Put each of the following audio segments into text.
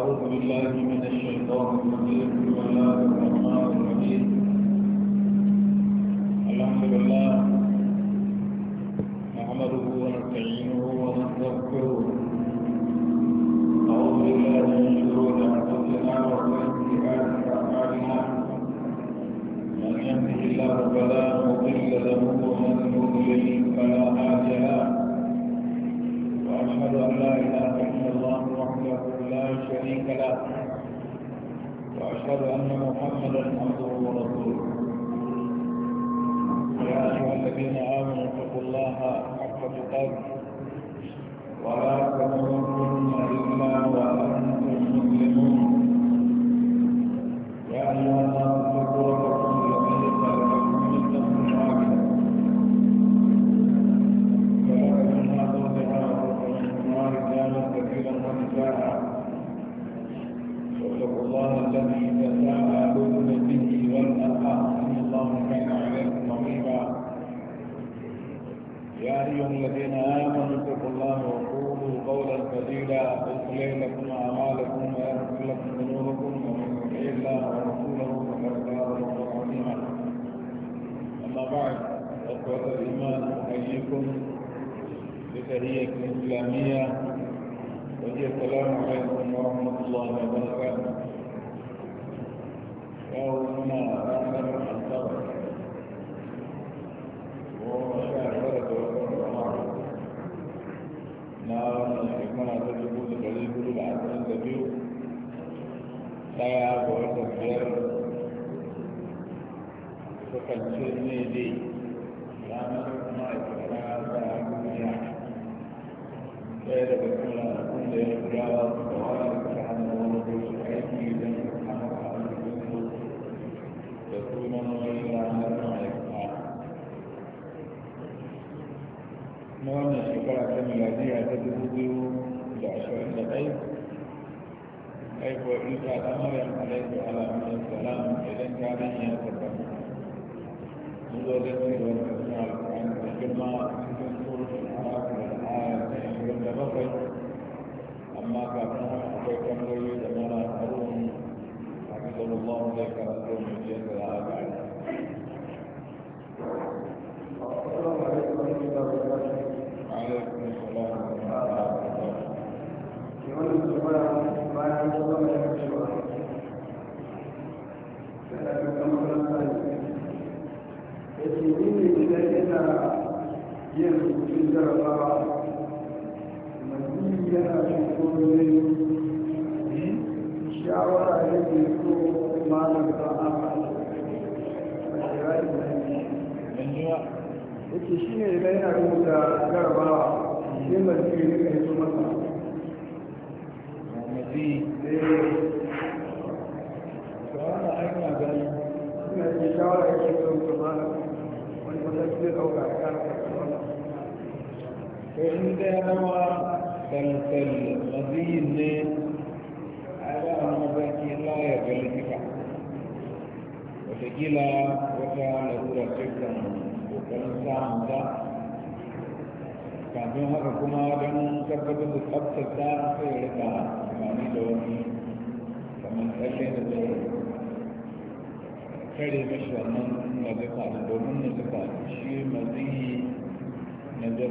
أعوذ بالله من الشيطان الرجيم بسم الله الرحمن الرحيم الحمد لله نحمده ونستعينه ونستغفره أعوذ بالله من شرور أنفسنا وسيئات أعمالنا من يهده الله فلا مضل له ومن يضلل فلا هادي له وأشهد أن لا إله إلا الله وحده لا شريك له وأشهد أن محمدا عبده ورسوله يا أيها الذين آمنوا اتقوا الله حق تقاته ولا تموتن إلا وأنتم مسلمون يا أيها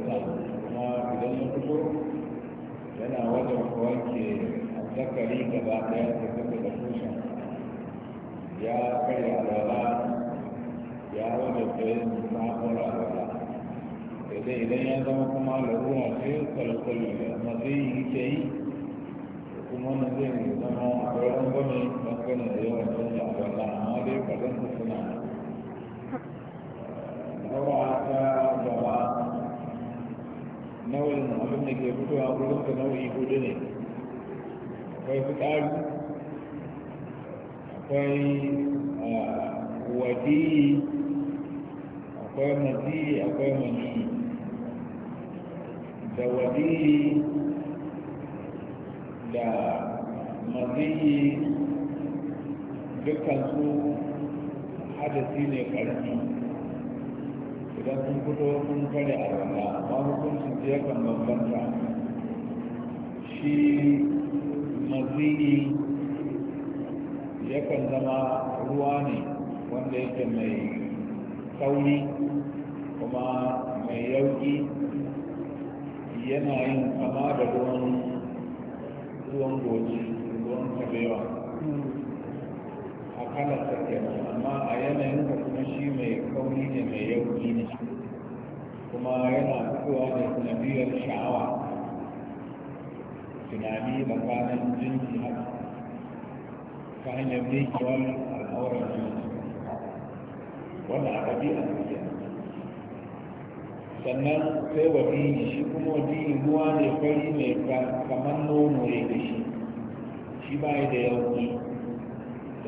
sa kuma idan ya fito yana wajen wanke azzakari gaba daya da kuma da tushen ya karya alwala ya wajen tsayin samun alwala sai dai idan ya zama kuma larura sai kwalkwalo ya matsayi yake yi kuma wannan zai zama a ƙarfin gwamnati dangane da yawan canza alwala amma dai kaɗan su suna abin da ke fitowa wurin ka nau'i hudu ne akwai fitsari akwai ah, wadiyi akwai maziyi akwai maniyi da wadiyi da maziyi dukkan su hadasi ne ƙarfi idan sun fito sun kare a rana amma hukuncin su yakan bambanta shi mazini yakan zama ruwa ne wanda yake mai sauri kuma mai yauki yana yin kama da ruwan goji ruwan kabewa kalar ta kenan amma a yanayin da kuma shi mai kauri ne mai yauki ne kuma yana fitowa da sanadiyar sha'awa tunani tsakanin jinji haka ta hanyar miƙewar al'aurar jinsi wannan a ɗabi'a ne sannan sai wadini shi kuma wadini ruwa ne fari ne kamar nono ya da shi shi ba da yauki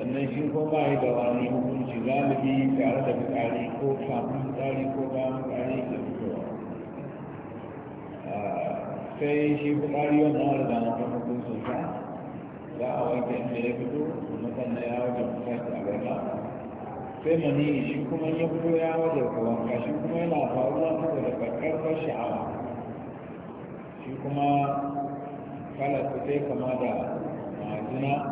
sannan shi ko ba da wani hukunci bi tare da fitsari ko kafin fitsari ko bayan fitsari ke fitowa ah, sai shi fitsari wannan wani da nan hukuncin sa za a wanke inda ya fito kuma sannan ya wajen fitashi a gaba sai mani shi kuma ya fito ya wajen ka wanka shi kuma yana faruwa saboda karfar sha'awa shi kuma kala su sai kama da majina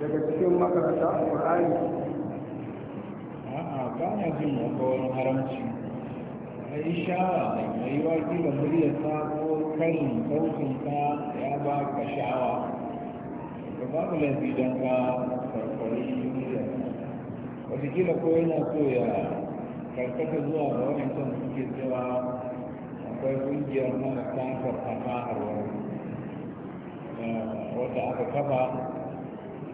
daga cikin makaranta a ƙur'ani a'a ba na jin makawar haramci a ishawa da mai waki da muryarsa ko karin sautinsa ya ba ka sha'awa da babu laifi don ka farfari muryar wataƙila ko yana so ya karkata zuwa ga wadancan suke cewa akwai ƙungiyar marasa farfafa a eh, wadda aka kafa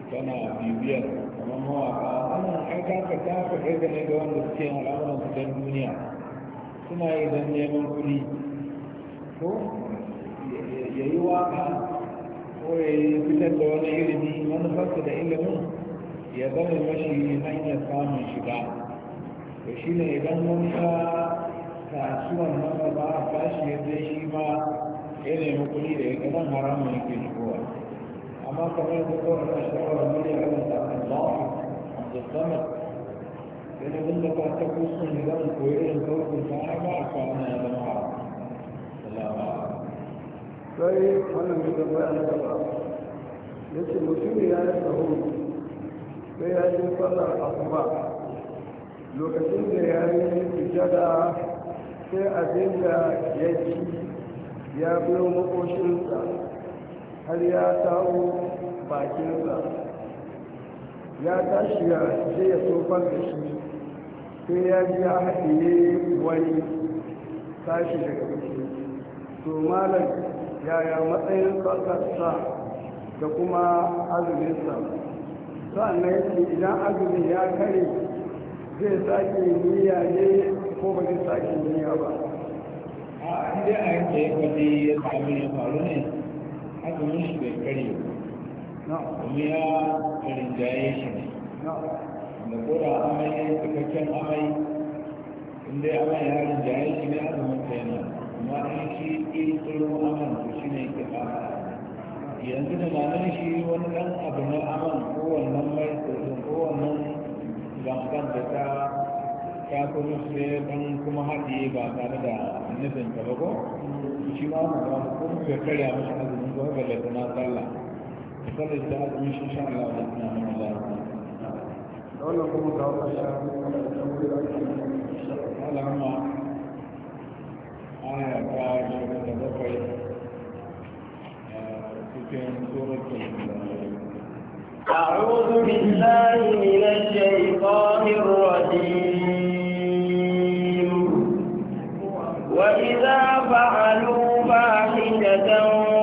kana bibiyar kamar mawaka wannan kai ka ka ta ka kai ka ne ga wanda suke yin al'amuran su don duniya suna yi don neman kuɗi ko ya yi waka ko ya yi fitar da wani ilimi manufarsa da ilimin ya zama mashi hanyar samun shiga to shi ne idan wani kasuwan nan ba a bashi ya zai shi ma ya nemi kuɗi da ya ga haramun yake shigowa أما كمان بقول أنا شعور مني على الله عبد الصمد لأن أقول لك أتكوص من نظام الكويت الكويت الفاحة ما أعرف أنا هذا ما أعرف لا ما أعرف طيب أنا مش أنا ليش المسلم يعرفه sai ya yi sallar asuba lokacin da ya yi sujada sai abin da ya ci ya biyo makoshinsa har ya kawo bakinsa ya tashi ya je ya tofar da shi sai ya ji ya haɗiye wani tashi daga ciki to malam yaya matsayin kasarsa da kuma azuminsa sa'annan yake idan azumin ya kare zai sake niyya ne ko ba zai sake niyya ba a inda a yanke ya ya sami ya faru ne azumin shi bai karye kuma ya rinjaye shi ne da koda amai ya yi cikakken amai inda ya amai ya rinjaye shi ne azumin ta yana kuma an shi iri tsoron aman to shi ne ke fara yanzu da nanar shi wani dan abu na aman wannan mai tsoron wannan zangan da ta ta kuma sai dan kuma haɗiye ba tare da nufin ta ba ko mm. shi ma ba kuma ya karya mashi zuwa ga lantana sallah sallah ta azumi shi sha Allah da suna mana lafiya da wannan kuma ga wata ya kuma da wuri da ake alama aya ta shirin da bakwai cikin suratul أعوذ بالله من الشيطان الرجيم وإذا فعلوا فاحشة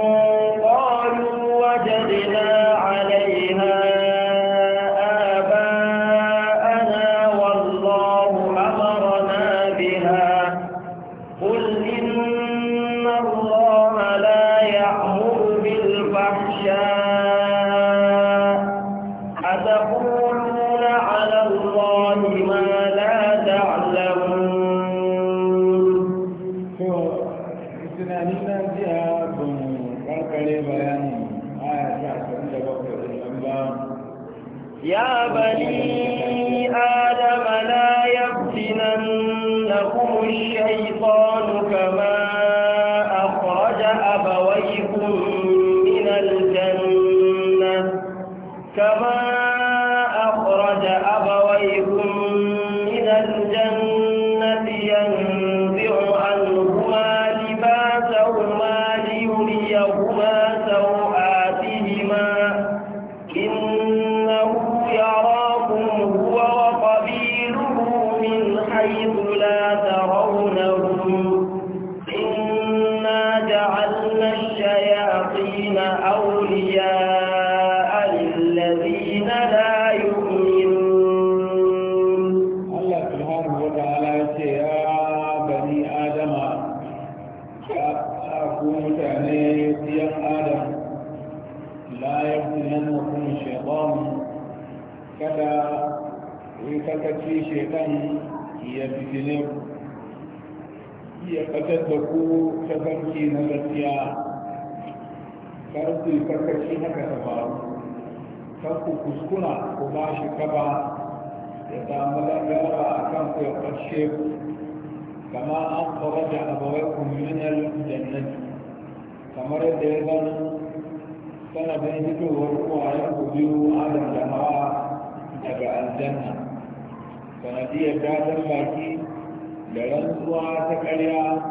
rantsuwa ta ƙarya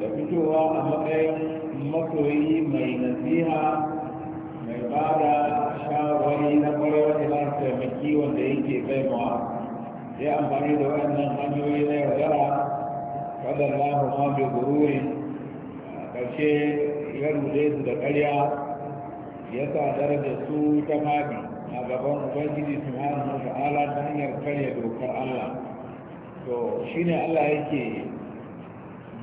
da fitowa a matsayin masoyi mai nasiha mai ba da shawari na ƙwarewa da taimaki wanda yake taimawa sai amfani da wannan hanyoyi na yaudara waɗanda ma bai gururi ƙarshe ya rude su da karya ya sa daraja su ta mabi a gaban ubangiji su wa ta'ala ta hanyar karya dokar Allah to shine Allah yake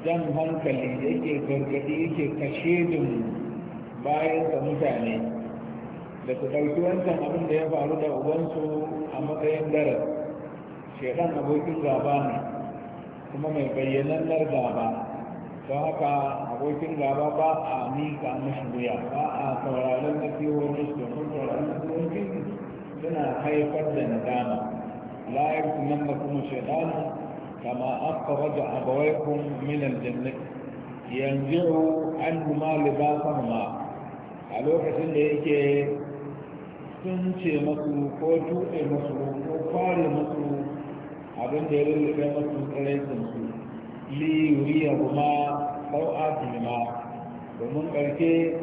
jan hankali yake gargadi yake kashe din bayan da mutane da su ɗauki wancan abin da ya faru da ubansu a matsayin darar shekan abokin gaba ne kuma mai bayyanannar gaba don haka abokin gaba ba a mika mashi wuya ba a sauraron nasihohin su domin sauraron nasihohin suna haifar da nadama لا يرثمنكم الشيطان كما أخرج أبويكم من الجنة ينزع عنهما لباسهما a lokacin da yake sun ce masu ko tuɗe masu ko kware masu abin da ya lullube masu tsiraitinsu liyuriya kuma sau'atu ma domin ƙarfe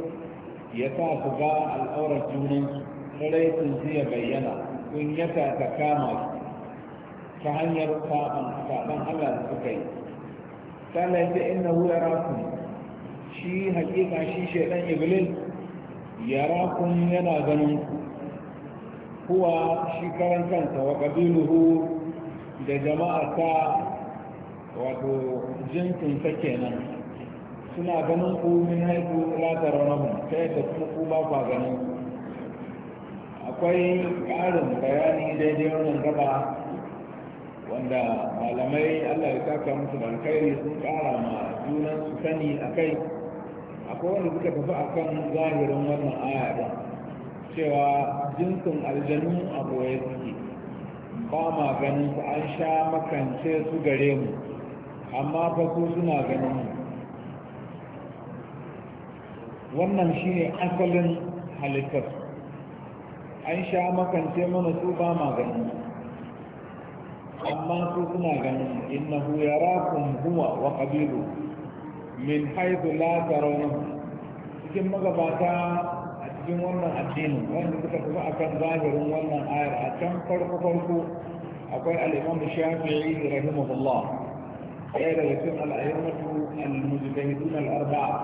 ya sa su ga al'aurar junansu tsiraitinsu ya bayyana kun yasa ta kama ta hanyar saban saban Allah da suka yi sallah ta inna hu rafin. shi hakika shi shaidan iblis yarakum yana ganin kuwa shi karan kanta wa ƙabiluhu da jama'a ta wato jinsin ta kenan suna ganin ku min haiku latar rahu ta yadda kuma ku ba kwa ganin akwai ƙarin bayani daidai wannan gaba wanda malamai allah ya saka musu da alkhairi sun kara ma junan su sani a kai akwai wanda suka tafi a kan zahirin wannan aya cewa jinsin aljanu a boye suke ba ma ganin su an sha makance su gare mu amma fa su suna ganin mu wannan shine asalin halittar an sha makance mana su ba ma ganin mu amma su suna ganin innahu yarakum huwa wa qabilu min haythu la tarawna cikin magabata a cikin wannan addinin wanda suka tafi akan zahirin wannan ayar a can farko farko akwai al-imam shafi'i rahimahullah ɗaya daga cikin al-ayyamatu al-mujtahidun al-arba'a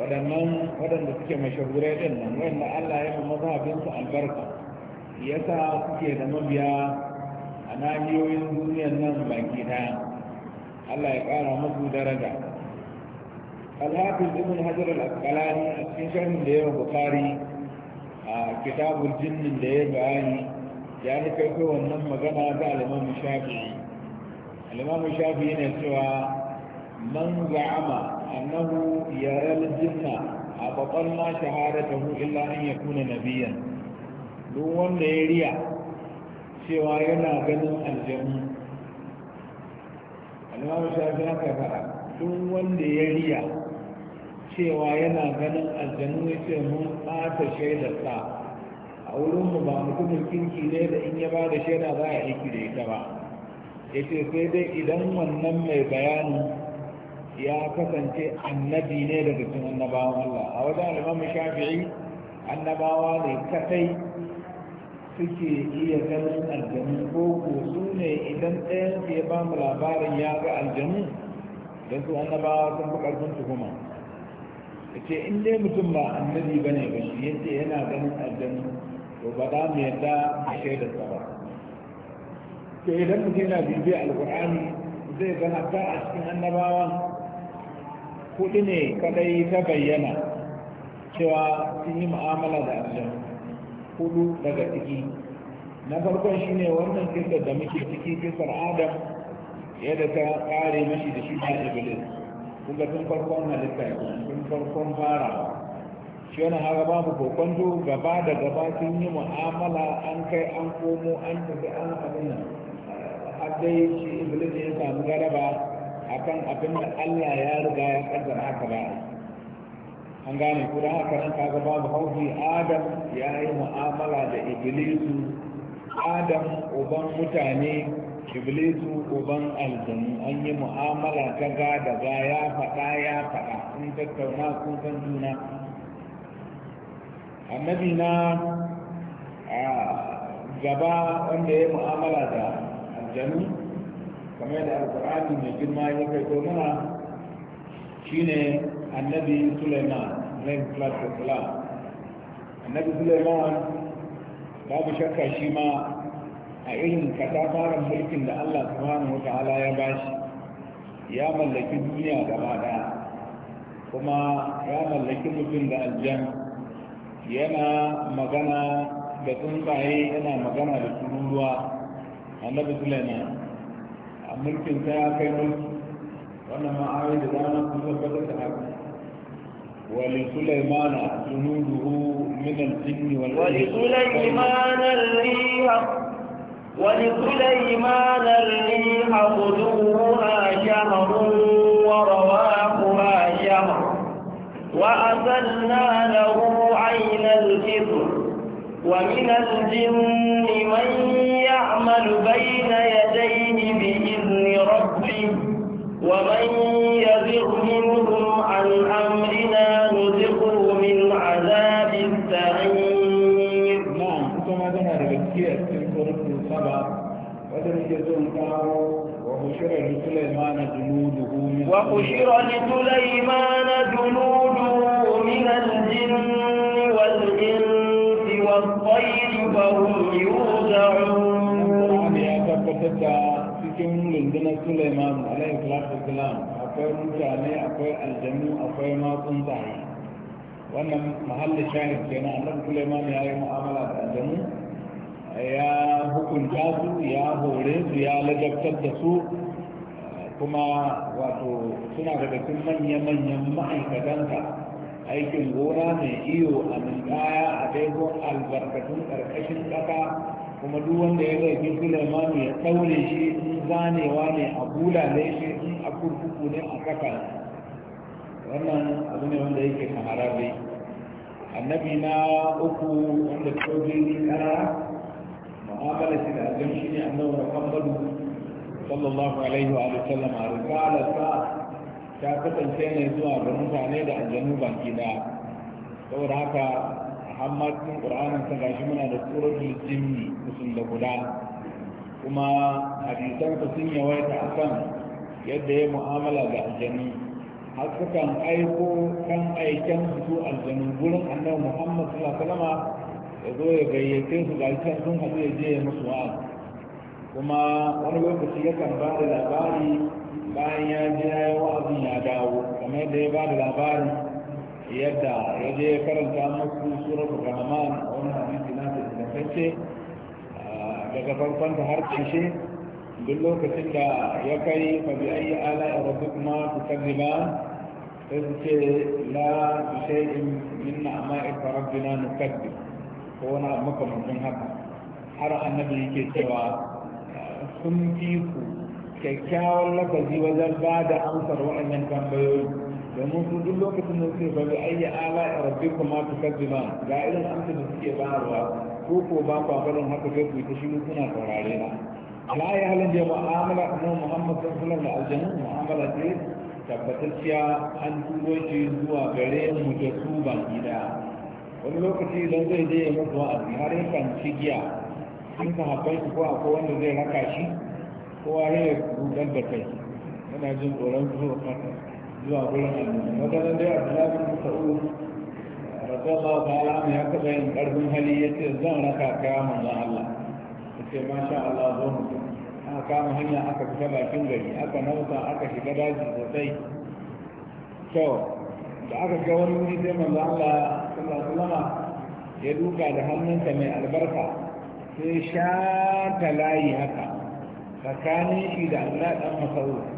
waɗannan waɗanda suke mashahurai ɗin nan wanda Allah ya fi mazhabinsu albarka yasa suke da mabiya nahiyoyin duniyar nan baki daya Allah ya kara musu daraja alhafiz ibn hajar al-asqalani a cikin sharhin da yawa bukari a kitabul jinnin da ya bayani ya ni kai wannan magana ga al-imam shafi'i al-imam shafi'i ne cewa man za'ama annahu yara al-jinna a babban ma shahadatu illa an yakuna nabiyyan duk wanda ya riya cewa yana ganin aljanu al'amur shafi haka fara tun wanda ya riya cewa yana ganin aljanu ya ce mun ɓata shaidarsa a wurinmu ba mutumin kirki ne da in ya ba da shaida za a aiki da ita ba ya ce sai dai idan wannan mai bayani ya kasance annabi ne daga cikin annabawan Allah a wajen al'amur shafi'i annabawa ne kadai suke iya ganin aljanu ko ko su ne idan ɗayan ya ba mu labarin ya ga aljanu don su annabawa sun fi ƙarfin tuhuma ya ce in dai mutum ba annabi ba ne ba shi ya yana ganin aljanu to ba za mu yadda a shaidar sa ba to idan mutum yana bibiya alƙur'ani zai ga hatta a cikin annabawa kuɗi ne kadai ta bayyana cewa sun yi mu'amala da aljanu hudu daga ciki na farkon shi ne wannan kisar da muke ciki kisar adam yadda ta kare mashi da shi na iblis kuma tun farkon halitta tun farkon fara shi wani haka babu kokonto gaba da gaba sun yi mu'amala an kai an komo an tafi an abin har dai shi iblis ya samu garaba akan abin da allah ya riga ya kaddara haka ba an gane ku da haka ka kaga babu haufi adam ya yi mu'amala da iblisu adam uban mutane iblisu uban aljanu an yi mu'amala ta ga da ga ya faɗa ya faɗa in tattauna sun san juna annabi na gaba wanda ya yi mu'amala da aljanu kamar da alƙur'ani mai girma ya kai to mana shine annabi suleiman zai plato kula, annabi suleiman babu shakka shi ma a irin katafaren mulkin da allah subhanahu wa ta'ala ya ba shi, ya mallaki duniya gaba daya kuma ya mallaki mutum da aljan yana magana da tsuntsaye yana magana da tururuwa annabi suleiman a mulkin ta ya kai mulki wannan ma'awai da zama kuma tabbatar da haka ولسليمان جنوده من الجن والإنس ولسليمان الريح ولسليمان الريح غدوها شهر ورواحها شهر وأسلنا له عين الجن ومن الجن من يعمل بين يديه بإذن ربه ومن يزغ منهم عن أمرنا نزغه من عذاب السعير نعم كما ذهب بكير في الفرق السبع ولم يزغ وحشر لسليمان جنوده من وحشر لسليمان جنوده من الجن والإنس والطير فهم cikin rundunar suleiman alayhi salatu wasalam akwai mutane akwai aljanu akwai matsun tsuntsaye wannan mahallin shahid kenan annabi suleiman ya yi mu'amala da aljanu ya hukunta su ya hore su ya lajabtar da su kuma wato suna daga cikin manya-manyan ma'aikatanka aikin gona mai iyo a ninkaya a daidon albarkatun ƙarƙashin ƙasa kuma duk wanda ya zai zargi Sulaiman ya daure shi in zanewa ne a bulale shi in a kurkuku ne a saka wannan abu ne wanda yake kamararre annabi na uku wanda sojoji kara mu'amala shi da azan shi ne annabi muhammadu sallallahu alaihi wa sallam a risalarsa ta kasance ne zuwa ga mutane da aljanu baki da saboda haka amma cikin ƙur'anin ta gashi muna da tsoron jinni musun da guda kuma hadisan sun yawaita akan yadda ya mu'amala ga aljanu har sukan aiko kan aiken su aljanu gurin annabi muhammad sallallahu alaihi ya zo ya gayyace su ga can sun haɗu ya je ya musu wa. kuma wani lokaci yakan ba da labari bayan ya je ya yi wa'azin ya dawo kamar yadda ya ba da labarin yadda ya je karanta musu surar rahman a wani hadisi na da ingantacce ah, daga farkon ta har ƙarshe duk lokacin da ya kai fa ayi ala rabbikuma tukadiban sai su ce la bi shay'in min na'ma'i rabbina nukaddi ko wani abu makamancin haka har annabi yake cewa sun fi ku Kyakkyawar lafazi wajen ba da amsar waɗannan tambayoyi domin sun duk lokacin da suke bari ayya ala a rabbi kuma su kaddima ga irin amsa da suke bayarwa ko ko ba ku farin haka sai ku ta shi kuna saurare na ala ya halin da mu'amala kuma muhammad sallallahu alaihi wasallam da mu'amala ce tabbatacciya an turo shi zuwa gare mu da su ba gida wani lokaci idan zai je ya mutu a har yakan ci giya sun ka haɓar ko akwai wanda zai raka shi ko a ya rudar da kai yana jin tsoron zuwa fata zuwa gurin annabi wata dai abdullahi bin mas'ud radiyallahu ta'ala anhu ya kafa yin karfin hali yace zan raka ka manzon Allah yace masha Allah zo mu aka kama hanya aka fita bakin gari aka nausa aka shiga daji sosai to da aka ga wani wuri sai manzon Allah sallallahu alaihi ya duka da hannunsa mai albarka sai sha ta layi haka tsakanin shi da Allah dan masauki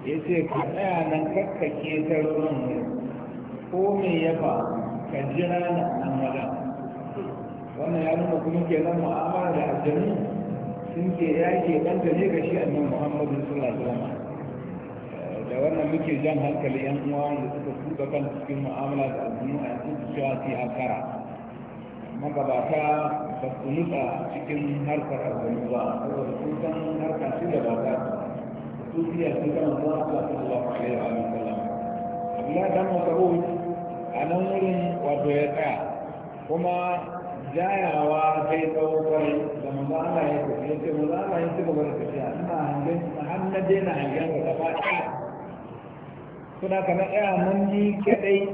ya ce ka tsaya nan ta ruwan ne ko mai yaba ka jira na nan wajen wannan ya nuna kuma ke nan mu'amala da aljanu sun ke ya ke ɗan ne ga shi annan muhammadu sallallahu alaihi eh, da wannan muke jan hankali yan uwa da suka tuka kan cikin mu'amala da aljanu a yanzu su cewa su yi hankara magabata ba su nutsa cikin harkar aljanu ba saboda sufiya sun ya kuma jayawa sai tsawo da Allah ya ce ya ce Allah ya da tafiya ina har ɗaya mun ji kaɗai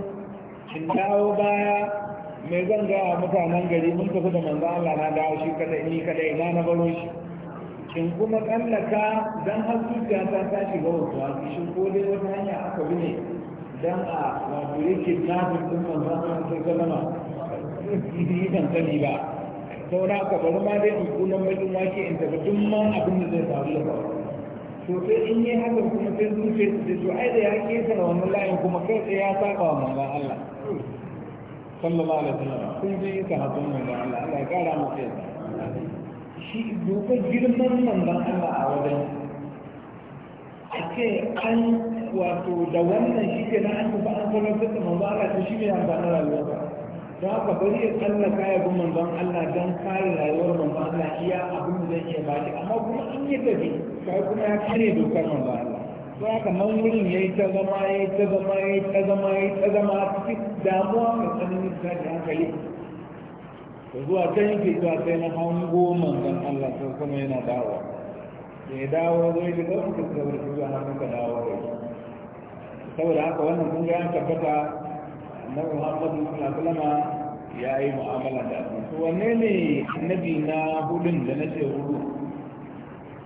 in dawo baya mai zan gaya mutanen gari mun tafi da manzo Allah na dawo shi kadai ni kadai na na baro shi in kuma tsallaka don har zuciya ta ta shiga wasu a cikin ko dai wata hanya aka bi ne don a wato yake tafi sun manzo an sai zama yi kan sani ba saura ka bari ma dai in kunan bakin wake in tafi duk ma abin da zai faru da faru to sai in yi haka kuma sai zuciya su to ai da ya kesa na wannan layin kuma kai tsaye ya saka wa manzon Allah sallallahu alaihi wasallam kun ji ka hatun manzon Allah Allah ya kara masa yadda shi duka girman manzon Allah a wajen a ce an wato da wannan shi ke na an tafi an sanar da manzon Allah ta shi ne amfanin rayuwa don haka bari ya tsallaka ya bi ban Allah don kare rayuwar manzon Allah iya abin da zai iya baki amma kuma in yi gaji kai kuma ya kare dokar manzon Allah don haka nan wurin ya yi ta zama ya yi ta zama ya yi ta zama ya yi ta zama cikin damuwa mai tsananin da hankali da zuwa can yake zuwa, sai na hango manzon Allah sai kuma yana dawo. da ya dawo zai da ɗaukar da zuwa da zuwa na muka dawo da shi saboda haka wannan kun ga yan tabbata na Muhammadu sallallahu alaihi ya yi mu'amala da su wanne ne annabi na hudun da na ce hudu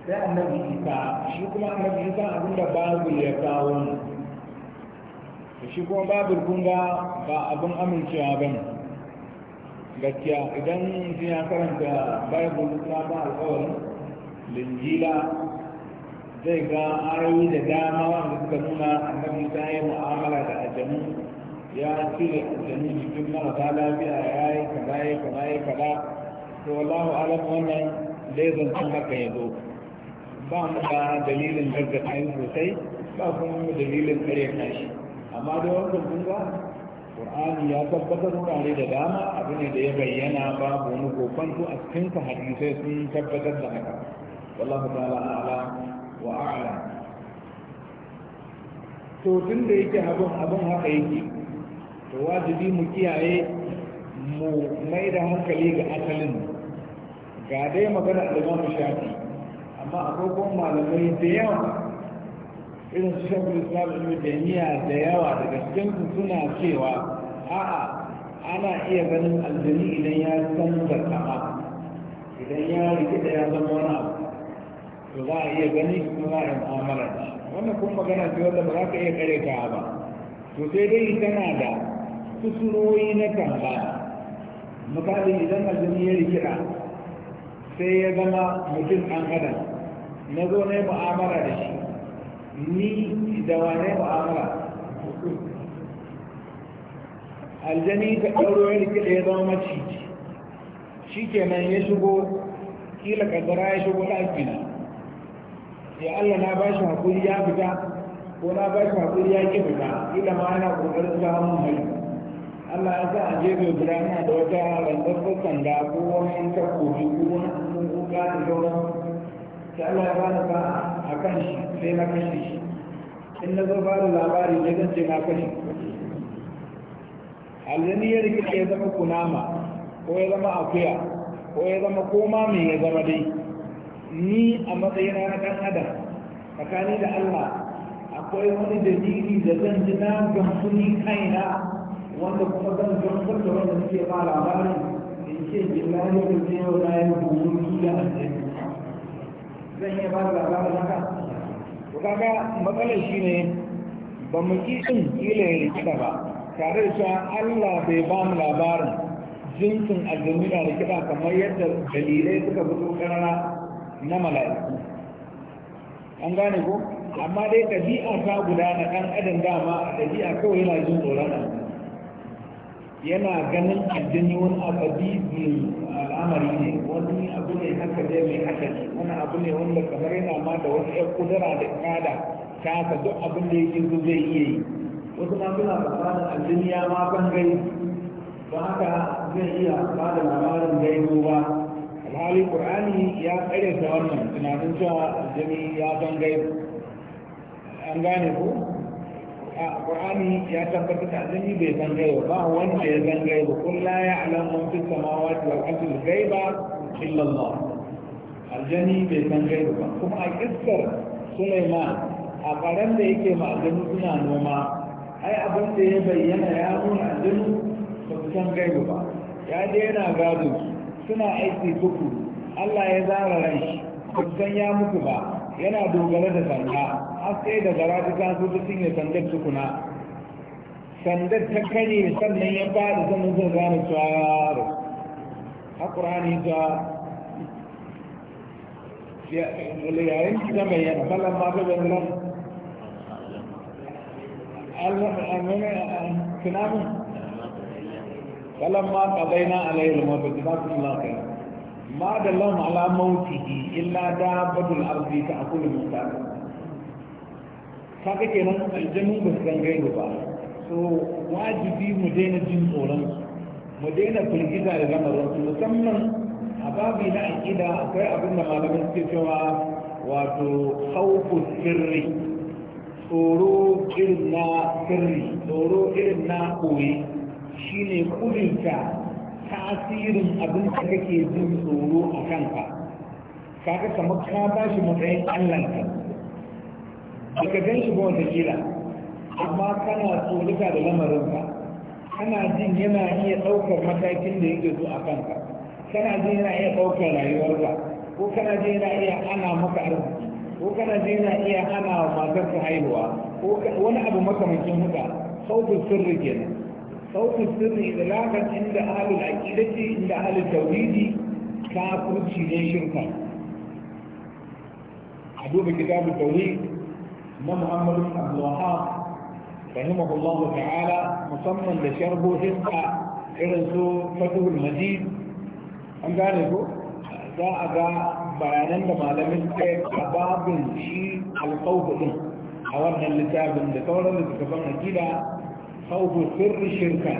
sai annabi isa shi kuma annabi isa abinda babu ya kawo shi kuma babu kunga ba abin amincewa ba ne gaskiya idan mutum ya karanta bible ba alkawarin linjila zai ga ayoyi da dama wanda suka nuna annabi ta yi mu'amala da ajamu, ya cire aljanu jikin marasa lafiya ya yi kaza ya kaza ya kaza to wallahu alam wannan laizan sun haka ya zo ba mu da dalilin gargaɗa sosai ba kuma dalilin kare kashi amma da wannan kun qur'ani ya tabbatar wurare da dama abu da ya bayyana babu wani kokonto a cikin ka sun tabbatar da haka wallahu ta'ala a'la wa a'la to tun da yake abun abun haka yake to wajibi mu kiyaye mu mai da hankali ga asalin ga dai magana da mu Shafi amma akwai kuma malamai da yawa irin su shakul islam ibn jami'a da yawa daga cikin suna cewa a'a ana iya ganin aljani idan ya da kama idan ya rikida ya zama wani abu to za a iya gani kuma za a yi mu'amala da wannan kuma magana ce wanda ba za ka iya kare ka ba to sai dai tana da kusuroyi na tambaya misali idan aljani ya rikida sai ya zama mutum an adam na zo na yi mu'amala da shi ni da wane mu'amala aljani ka ɗauro ya rike da ya zama maciji shi kenan ya shigo kila kaddara ya shigo ɗakina ya Allah na ba shi haƙuri ya fita ko na ba shi haƙuri ya ke fita kila ma ana ƙoƙarin samun mai Allah ya sa a jefe guda na da wata rantsar sanda ko wani kofi ko wani ka da sauran sai Allah ya bani ba a kan shi sai na kashe shi in na zo ba da labari ne zan ce na kashe aljani ya rikice ya zama kunama ko ya zama akuya ko ya zama koma mai ya zama dai ni a matsayin na ɗan adam tsakani da Allah akwai wani dalili da zan ji na gamsu ni kaina wanda kuma zan gamsar da wanda suke ba labarin in ce billahi da zai yau na yi da aljani zan iya ba da labarin haka to kaga matsalar shi ne ba mu ki din kila ya ba tare da cewa Allah bai ba mu labarin jinsin aljanu na rikita kamar yadda dalilai suka fito karara na mala'iku an gane ko amma dai ɗabi'a ta guda na ɗan adam dama a ɗabi'a kawai yana jin tsoron yana ganin addini wani abadi al'amari ne wani abu ne haka dai mai ne wani abu ne wanda kamar yana ma da wani ya kudura da kada ta haka duk abin da yake zo zai iya yi wasu ma suna tsammanin addini ya ma ban gai ba haka zai iya ba da labarin gaibo ba alhali qur'ani ya tsare ta wannan tunanin cewa addini ya ban gai an gane ko a ƙur'ani ya tabbatar da azumi bai san gaiba ba wanda ya san gaiba kun la ya alamu fi samawati wal ardi gaiba illa Allah aljani bai san gaiba ba kuma a kissar Sulaiman a ƙaran da yake ma aljani suna noma ai abin da ya bayyana ya nuna aljani, ba su san gaiba ba ya je yana gado suna aiki tukuru Allah ya zara rai, shi san ya mutu ba yana dogara da sanda har sai da gara ta taso ta cinye sandar tukuna sandar ta kare sannan ya ba da sannan zai gane cewa a ƙurani ta yayin ma ta ma ta lafiya Ba da lahum ala mautihi illa dabbatul ardi ta akulu mutaka kaga kenan aljanu ba su gangai gaibu ba so wajibi mu daina jin tsoron mu daina firgita da lamarin su musamman a babi na aƙida akwai abin da malamin suke cewa wato khawfu sirri tsoro irin na sirri tsoro irin na koyi shine kulinta tasirin abin da kake jin tsoro a kanka kaga kamar ka ba shi matsayin allanka ka. gan shi ba wata kila amma kana tsorika da lamarinka kana jin yana iya ɗaukar matakin da yake zo a kanka kana jin yana iya ɗaukar rayuwarka ko kana jin yana iya ana maka arziki ko kana jin yana iya ana matarka haihuwa ko wani abu makamakin haka sautin sirri kenan صوت السر إطلاقا عند أهل العقيدة عند أهل التوحيد كافر شيء شركا أدوب كتاب التوحيد محمد بن عبد الوهاب رحمه الله تعالى مصمم لشربه حزقة إرسو فتح المجيد أن قالوا za a ga bayanan da malamin kai a babin shi alƙawfudin a wannan littafin da sauran da suka ban akida khawfu sirri shirka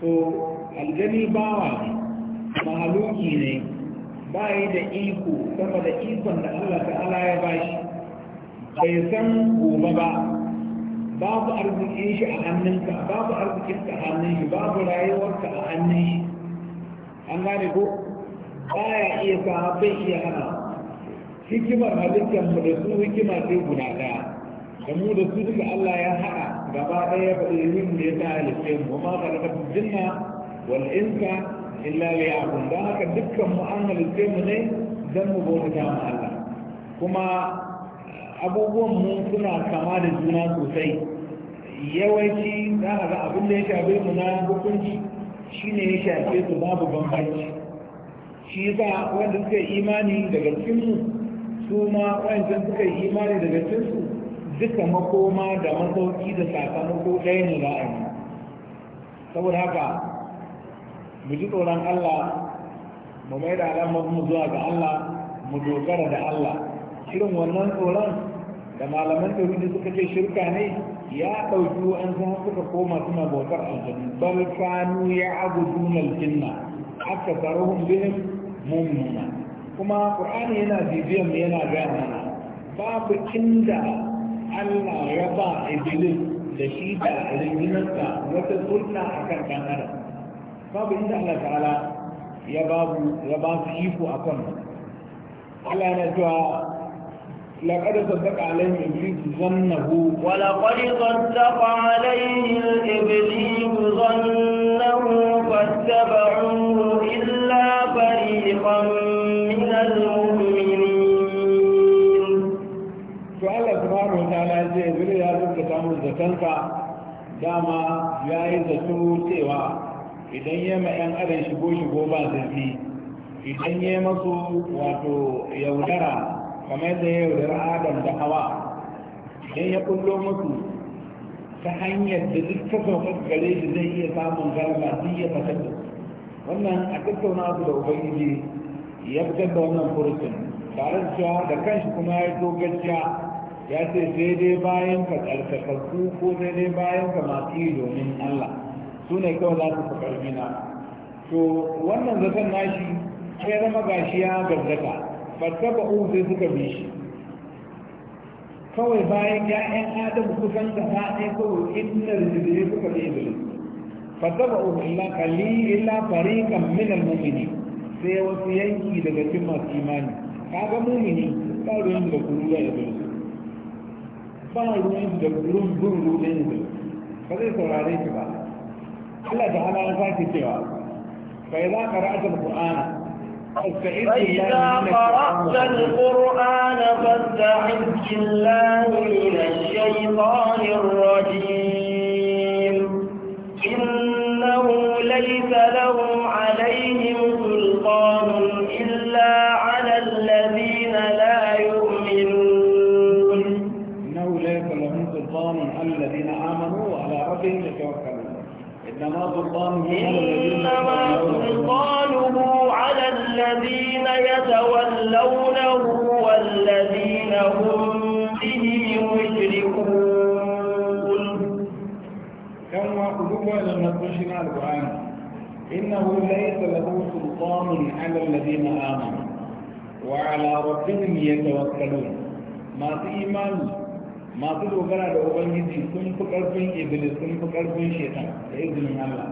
to aljani bawa ne mahaluki ne ba da iko sama da ikon da Allah ta'ala ya bashi bai san gobe ba babu arzikin shi a hannunka babu arzikin ka a hannun shi babu rayuwarka a hannun shi an gane ko baya iya sa bai iya hana hikimar halittar mu da su hikima sai guda daya kamu mu da su duka Allah ya haɗa gaba ɗaya ya faɗi yin da ya sa halittar mu ma kalakatun jinna wal insa illa li ya'budun don haka dukkan mu an mu ne dan mu bauta ma Allah kuma abubuwan mu suna kama da juna sosai yawanci za a ga abin da ya shafe mu na hukunci shine ya shafe su babu bambanci shi yasa wanda suka yi imani daga cikin su ma wa'ancan suka yi imani daga cikin su duka makoma da masauki da sakamako ɗaya ne za a yi saboda haka mu ji tsoron Allah mu mai da alamar mu zuwa ga Allah mu dogara da Allah irin wannan tsoron da malaman tauhidi suka ce shirka ne ya ɗauki wa'ansu suka koma suna bautar aljanu bal kanu ya abuduna aljinna aka tsarohun bihim mummuna kuma qur'ani yana bibiyan yana gaya mana babu inda Allah ya ba Iblis da shi da wata sunna a kan ɗan babu inda Allah ta'ala ya ba su iko a kan Allah na cewa لقد صدق عليه إبليس ظنه ولقد صدق عليه الإبليس ظنه فاتبعوه إلا فريقا من المؤمنين ta'ala ce zuri ya zuka samun zakanka dama ya yi zato cewa idan ya ma yan adam shigo shigo ba zafi idan ya masu wato yaudara kamar yadda ya yaudara adam da hawa idan ya kullo masu ta hanyar da duk ta saukar gare shi zai iya samun galaba zai ya fatar da wannan a tattauna su da ubangiji ya fitar da wannan furucin tare da cewa da kanshi kuma ya zo gajiya ya ce sai dai bayan ka karkakakku ko sai dai bayan ka masu domin Allah su ne kawai za su fi na to wannan zaton nashi sai zama gashi ya gazzata fatta ba sai suka bi shi kawai bayan ya'yan adam kusan ta haɗe kawai inda rijiyar suka bi iblis fatta ba uku illa kalli illa kan minal mumini sai wasu yanki daga cikin masu imani kaga mumini ta ruwan da ya iblis ba ruwan da ruwan gururu da yin ba zai saurare ki ba Allah ta hana ya sake cewa fa idza qara'ta al-qur'ana فإذا قرأت القرآن فاستعذ بالله من الشيطان الرجيم إن إنما سلطانه على الذين يتولونه والذين هم به مشركون كما قلوبنا لما تنشر القرآن إنه ليس له سلطان على الذين آمنوا وعلى ربهم يتوكلون ما في إيمان masu dogara da ubangiji sun fi ƙarfin iblis sun fi ƙarfin shetan da izinin allah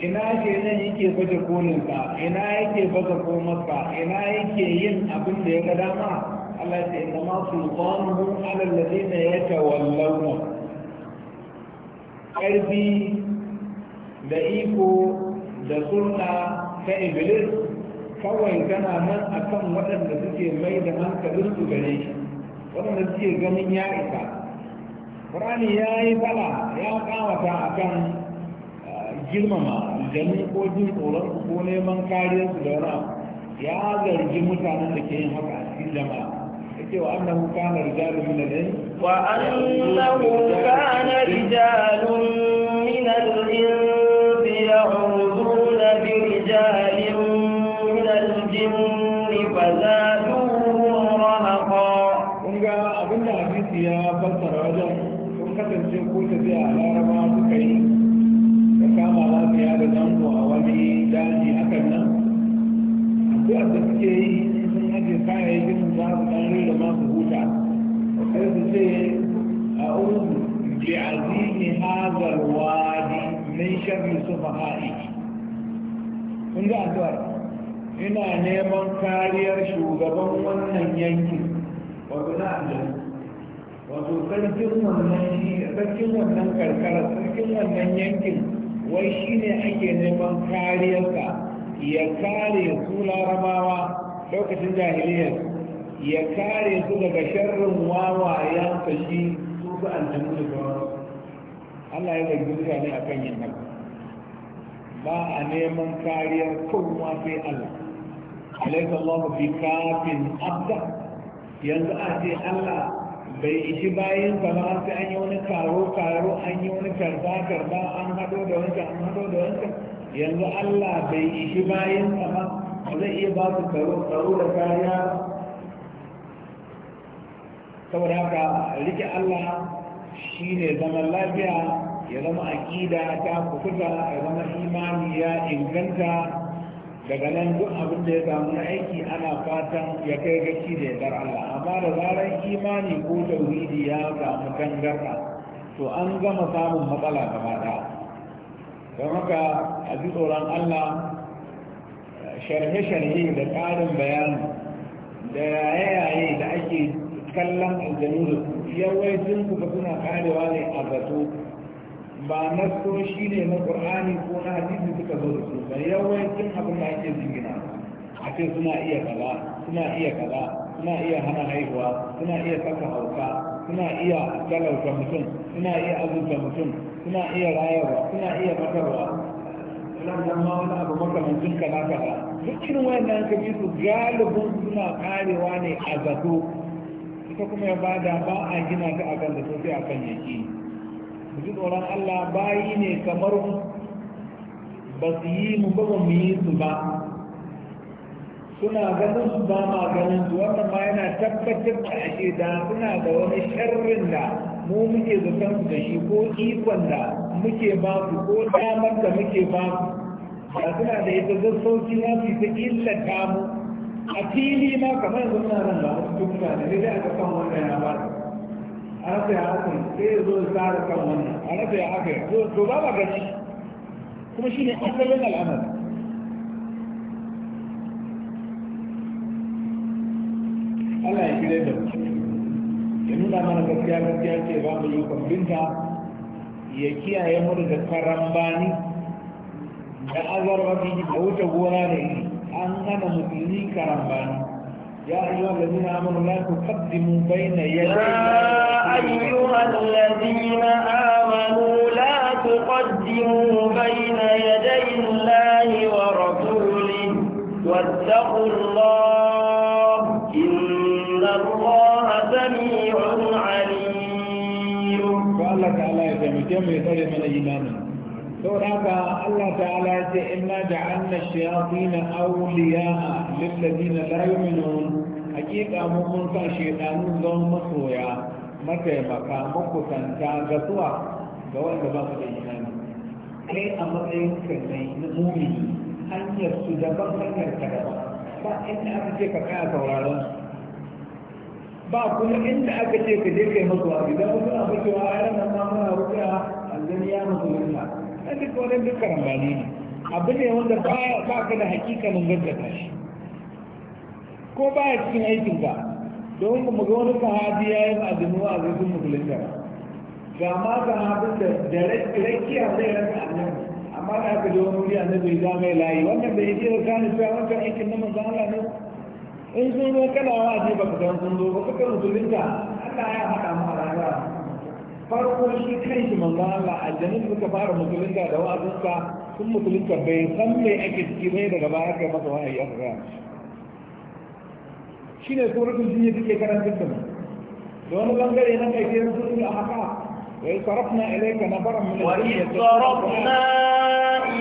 ina ne yake baje kolinsa ina yake baza komarsa ina yake yin abin da ya ga dama allah ce inna ma sultanuhu ala alladhina yatawallawna ƙarfi da iko da sulta ta iblis kawai tana nan akan waɗanda suke mai da hankalinsu gare shi waɗanda suke ganin ya isa ƙurani ya yi fada ya kawata a kan girmama jami ko jin tsoron ko neman kariyar su da wani ya zargi mutanen da ke yin haka a cikin jama'a yake wa annahu kana rijalun min al-ins wa annahu kana rijalun min al-ins ya'uduna bi rijalin kasance ko tafiya a laraba suka yi da kama za su yada zango a wani daji hakan nan addu'ar da suke yi sun ajiye kayayyakin su za su dan rila masu huta sai su ce a uzu bi azimi hazal wadi min sharri sufaha'i kun ga addu'ar ina neman kariyar shugaban wannan yankin wato na aljanna wato sarkin wannan sarkin wannan karkara sarkin wannan yankin wai shi ne ake neman kariyarsa ya kare su larabawa lokacin jahiliyar ya kare su daga sharrin wawayen fashi su su aljanu da sauran Allah ya zargi mutane a kan yin ba a neman kariyar kowa sai Allah alaika Allah kafin abda yanzu a ce Allah bai ishi bayan sama sai an yi wani karo karo an yi wani karba karba an hado da wanka, an hado da wanka. yanzu Allah bai ishi bayan ba zai iya ba su karo karo da kariya saboda haka rike Allah shi ne zaman lafiya ya zama aƙida ta kufuta ya zama imani ya inganta daga nan duk abin da ya samu na aiki ana fatan ya kai gaci da yadar Allah amma da zarar imani ko tauhidi ya samu tangarda to an gama samun matsala gaba ɗaya don haka a ji tsoron Allah sharhe-sharhe da ƙarin bayani da yayaye da ake kallon aljanu da su yawai sun kuma suna karewa ne a zato ba na so shi ne na ƙur'ani ko na hadisi suka zo da su ba yawancin abin da ake jingina a ce suna iya kaza suna iya kaza suna iya hana haihuwa suna iya saka hauka suna iya talauta mutum suna iya azurta mutum suna iya rayarwa suna iya fatarwa sannan ma wani abu makamancin kaza kaza duk irin wayannan bi su galibin suna karewa ne a zato ita kuma ya bada ba a gina ta akan da sosai akan yaki kuji tsoron Allah bayi ne kamar mu ba su yi mu ba mu yi su ba suna ganin su ba ma ganin su wanda ma yana tabbatar da ashe da suna da wani sharrin da mu muke zaton su da shi ko ikon da muke ba su ko damar da muke ba su da suna da ita zassauci na su ta illata mu a fili ma kamar yanzu muna nan ba su cikin ne dai aka kan wannan ya ba su a rasa ya haka sai ya zo ya tsara kan wannan a rasa ya haka to ba ba gani kuma shine asalin al'amari Allah ya kire da mu ya nuna mana gaskiya gaskiya ce ba mu yi kwambinta ya kiyaye mu daga karambani da azarwa da wuce gona ne an hana musulmi karambani يا أيها الذين آمنوا لا تقدموا بين يدي يا أيها الذين آمنوا لا تقدموا بين يدي الله ورسوله واتقوا الله إن الله سميع عليم قال لك على يتمتم يتري من إيمانه saboda Allah ta'ala ya ce in na inna na shayatin na lil ladina la yu'minun hakika mu mun sa shaytanu zan masoya mataimaka makusanta ga suwa ga wanda ba su da imani kai a matsayin kai na mumi. hanyar su daban hanyar ka daban ba inda aka ce ka kaya sauraron ba kuma inda aka ce ka je kai masu wa idan mutum a fitowa a yanar na muna rukiya aljani ya musulunta a duk wani duk karambani ne abu ne wanda ba ka da hakikanin gaggata shi ko ba ya cikin aikin ba don mu ga wani sahabi ya yi azumi wa azumin musulunta ga ma sahabin da da rakiya zai rasa annabi amma da aka ji wani wuri annabi ya zama layi wannan bai da sai wancan aikin na Allah ne in sun zo kana wa ji baka sun zo ba musulunta Allah ya haɗa mu a rayuwa farko shi kan shi manzo Allah aljanna suka fara musulunta da wa'azinsa sun musulunta bai san mai ake ciki bai daga baya kai masa wahayi aka gaya shi ne suratul jinni take karanta da mu da wani bangare na kai ke rubutu a haka wa sarafna ilayka nafaran min al-jinn wa sarafna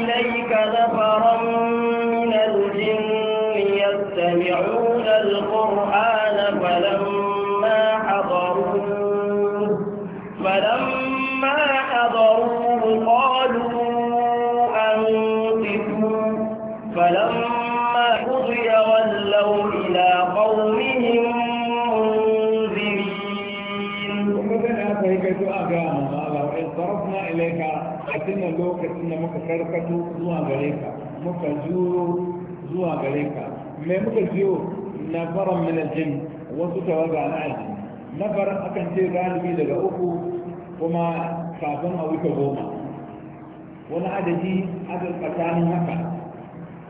ilayka nafaran min al-jinn yastami'una al-qur'ana falamma فلما حضروه قالوا أنقفوا فلما قضي ولوا إلى قومهم منذرين صرفنا إليك أتنا لوك أتنا مكفركة زوا غريكا مكجور زوا غريكا ما مكجور نفرا من الجن وسط وضع العجل نفرا أكن تي غالبي لغا أخو kuma kafin a wuce goma wani adadi adal tsakanin haka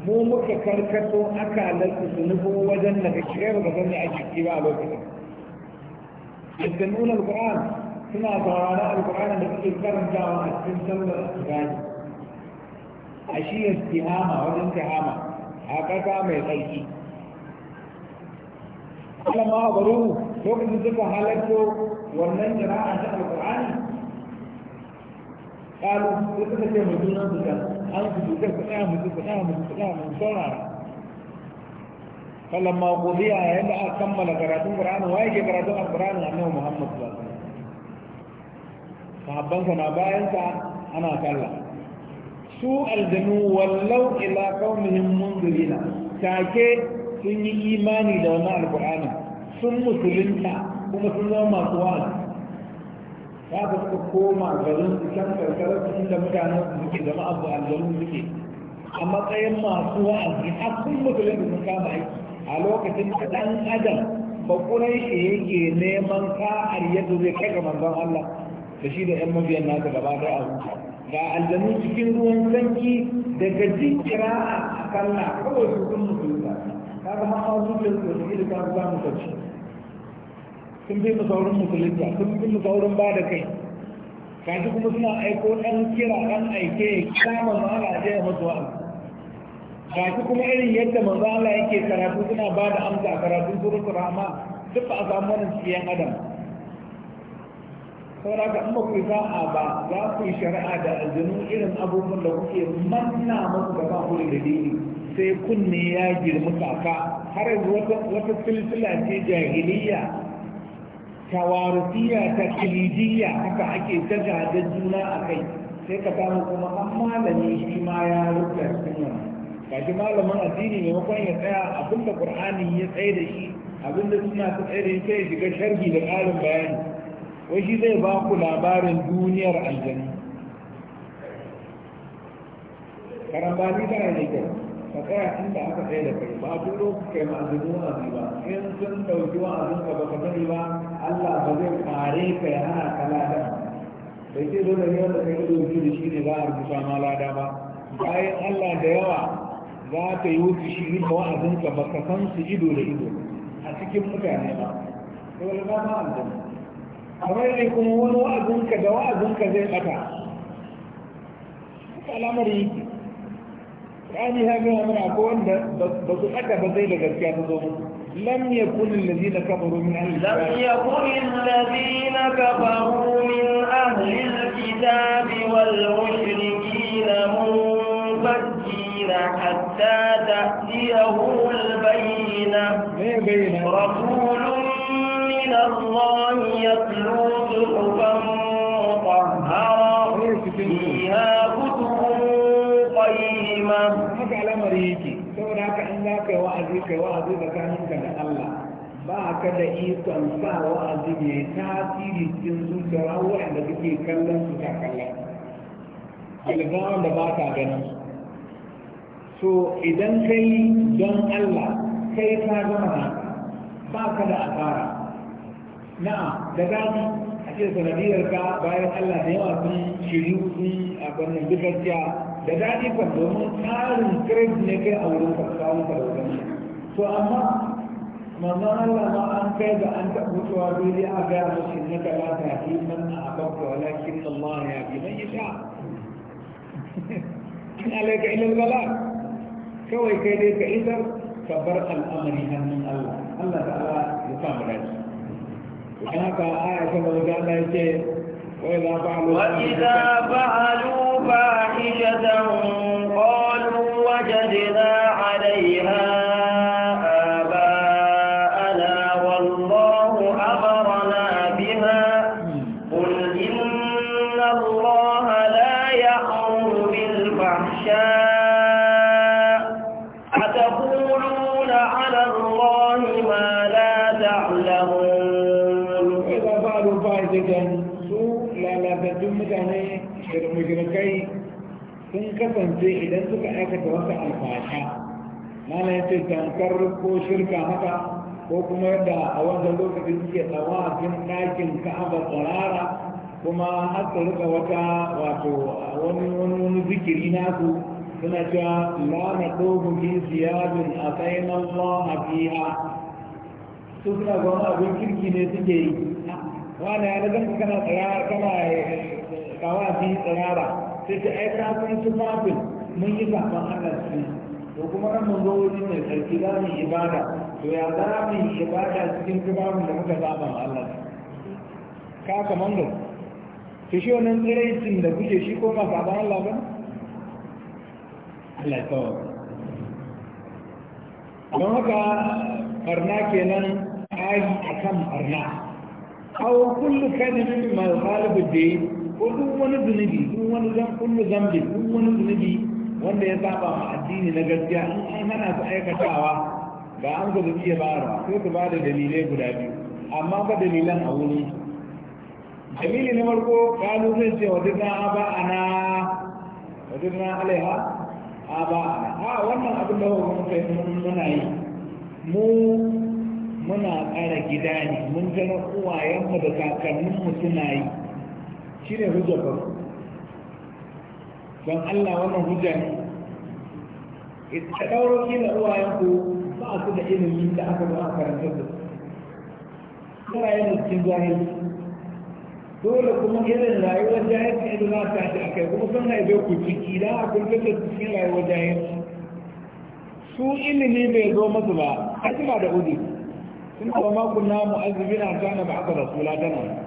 mu muka karkato akalar su nufo wajen na kake ba san ne ake ki ba a lokacin yadda nuna alquran suna sauraron alquran da suke karantawa a cikin sallar gani a shi ya hama wajen hama a kasa mai tsarki Allah ma a lokacin suka halatto wannan jira'a ta alƙur'ani ƙalu sai suka ce mai junan su can an su dukkan su ɗaya mutu su ɗaya mutu su ɗaya mutu saurara kallon ma yayin da aka kammala karatun ƙur'ani wa yake karatun alƙur'ani annabi muhammad sallallahu alaihi wasallam sahabbansa na bayansa ana sallah su aljanu wallau ila qaumihim munzirina take sun yi imani da wannan alƙur'ani sun musulunta kuma sun zama masu wa'azi ya ga suka koma garin su can karkarar su inda mutanen su suke zama abu aljanu suke a matsayin masu wa'azi a sun musulun sun kama aiki a lokacin da dan adam bakurai shi yake neman ka'ar yadda zai kai ga manzon Allah da shi da yan mabiyan nasa gaba da a huta ga aljanu cikin ruwan sanki daga jinkira a sallah kawai su sun musulunta kaga har ma zuciyar su da su ilika za mu tafi sun fi mus'aurin musulunci, sun fi saurin ba da kai kaji kuma suna aiko ɗan kira ɗan aike kama mala a jaya masu wa'azi kaji kuma irin yadda mazala yake karatu suna ba da amsa a karatun suratul rahma duk a samu wani cikin adam saboda ka amma ku sa'a ba za ku yi shari'a da aljanu irin abubuwan da kuke manna musu da ba da dini sai kunne ya girma kaka har yanzu wata silsila ce jahiliya tawarufiya ta kilidiyya haka ake ta da juna a kai sai ka samu kuma an malami shi ma ya rubuta cikin kaji malamin addini maimakon ya tsaya abinda qur'ani ya tsaye da shi abinda suna ta tsaye da shi sai ya shiga sharhi da ƙarin bayani wai shi zai ba ku labarin duniyar aljanu karambani tana ne kyau ka tsaya inda aka tsaye da kai ba a duk lokacin kai ma'azinu wa'azi ba in sun ɗauki wa'azin ka ba ka sani ba Allah ba zai kare ka ya hana ka lada bai ce dole ne wanda kai rubutu da shi ne za a rubuta ma lada ba bayan Allah da yawa za ka yi wuce shi ne ka ba ka san su ido da ido a cikin mutane ba dole ba ma aljanna kamar ne kuma wani wa'azinka da wa'azinka zai bata al'amari ya ha gina mana ko wanda ba su ɓata ba zai da gaskiya ta zo musu لم يكن الذين كفروا من أهل الكتاب لم يكن الذين كفروا من أهل الكتاب والمشركين منفكين حتى تأتيهم البينة رسول من الله يتلو صحفا za ka kai wa'azi ka kanin wa'azi tsakaninka da Allah ba ka da ikon sa wa'azi mai tasiri cikin zuciyar da suke kallon su ta kallon algawan da ba ka ganin so idan kai don Allah kai ka zama ba ka da asara na'a da gani a ce sanadiyar ka bayan Allah da yawa sun shiru sun abin da duk gaskiya da daɗi kan domin tsarin kirk ne kai a wurin kasawa ka da wani to amma manzon Allah ma an kai ga an taɓa mutuwa dole a gaya musu na kala ta yi man a ababka walakin Allah ya bi man ya sha in alaika ilal bala kawai kai dai ka isar ka bar al'amari hannun Allah Allah ta'ala ya sa mu dace kan haka aya ta manzon Allah yake wa idza fa'alu wa idza fa'alu فاحشة mujirkai sun kasance idan suka aikata wata alfasha na na yace tankar ko shirka haka ko kuma yadda a wanda lokaci suke tsawa cikin ɗakin ka'aba tsarara kuma har su rika wata wato wani wani zikiri naku suna cewa la na dogo fi ziyadun a tsayin Allah a fiha su suna gwamna abin kirki ne suke yi ah, wani ya na zan kana tsaya kana eh, eh, eh, kawa bi tsirara sai ta aika kun tufafin mun yi zaɓen allah su to kuma ran mun zo wuri mai sarki za mu yi ibada to ya za mu yi ibada cikin tufafin da muka zaɓen allah ka kaman da to shi wannan tsiraicin da kuke shi ko ma zaɓen allah ba allah ya kawai don haka barna kenan ayi akan barna aw kullu kalimatin ma yukhalifu din ko duk wani zunubi duk wani zan kullu zambi duk wani zunubi wanda ya saba ma addini na gaskiya in an hana su aikatawa ba an ga iya bayarwa sai su ba da dalilai guda biyu amma ba dalilan a wurin dalili na farko kalu zai ce wa duk ba ana wa duk na alaiha aba ana a wannan abin da hukumta muna yi mu muna ƙara gida ne mun gano uwayenmu da kakanninmu suna yi shine ne hujjar farko don Allah wannan hujja ne ita ɗauro kila ku ba su da ilimi da aka zo a karantar da su suna yin cikin jahili dole kuma irin rayuwar jahilci ido za ta shi kai kuma sun haife ku ciki da a kulkar da cikin rayuwar jahilci su ilimi bai zo masu ba a cima da udi sun kuma makon namu azubina ta na ba aka rasula ta nan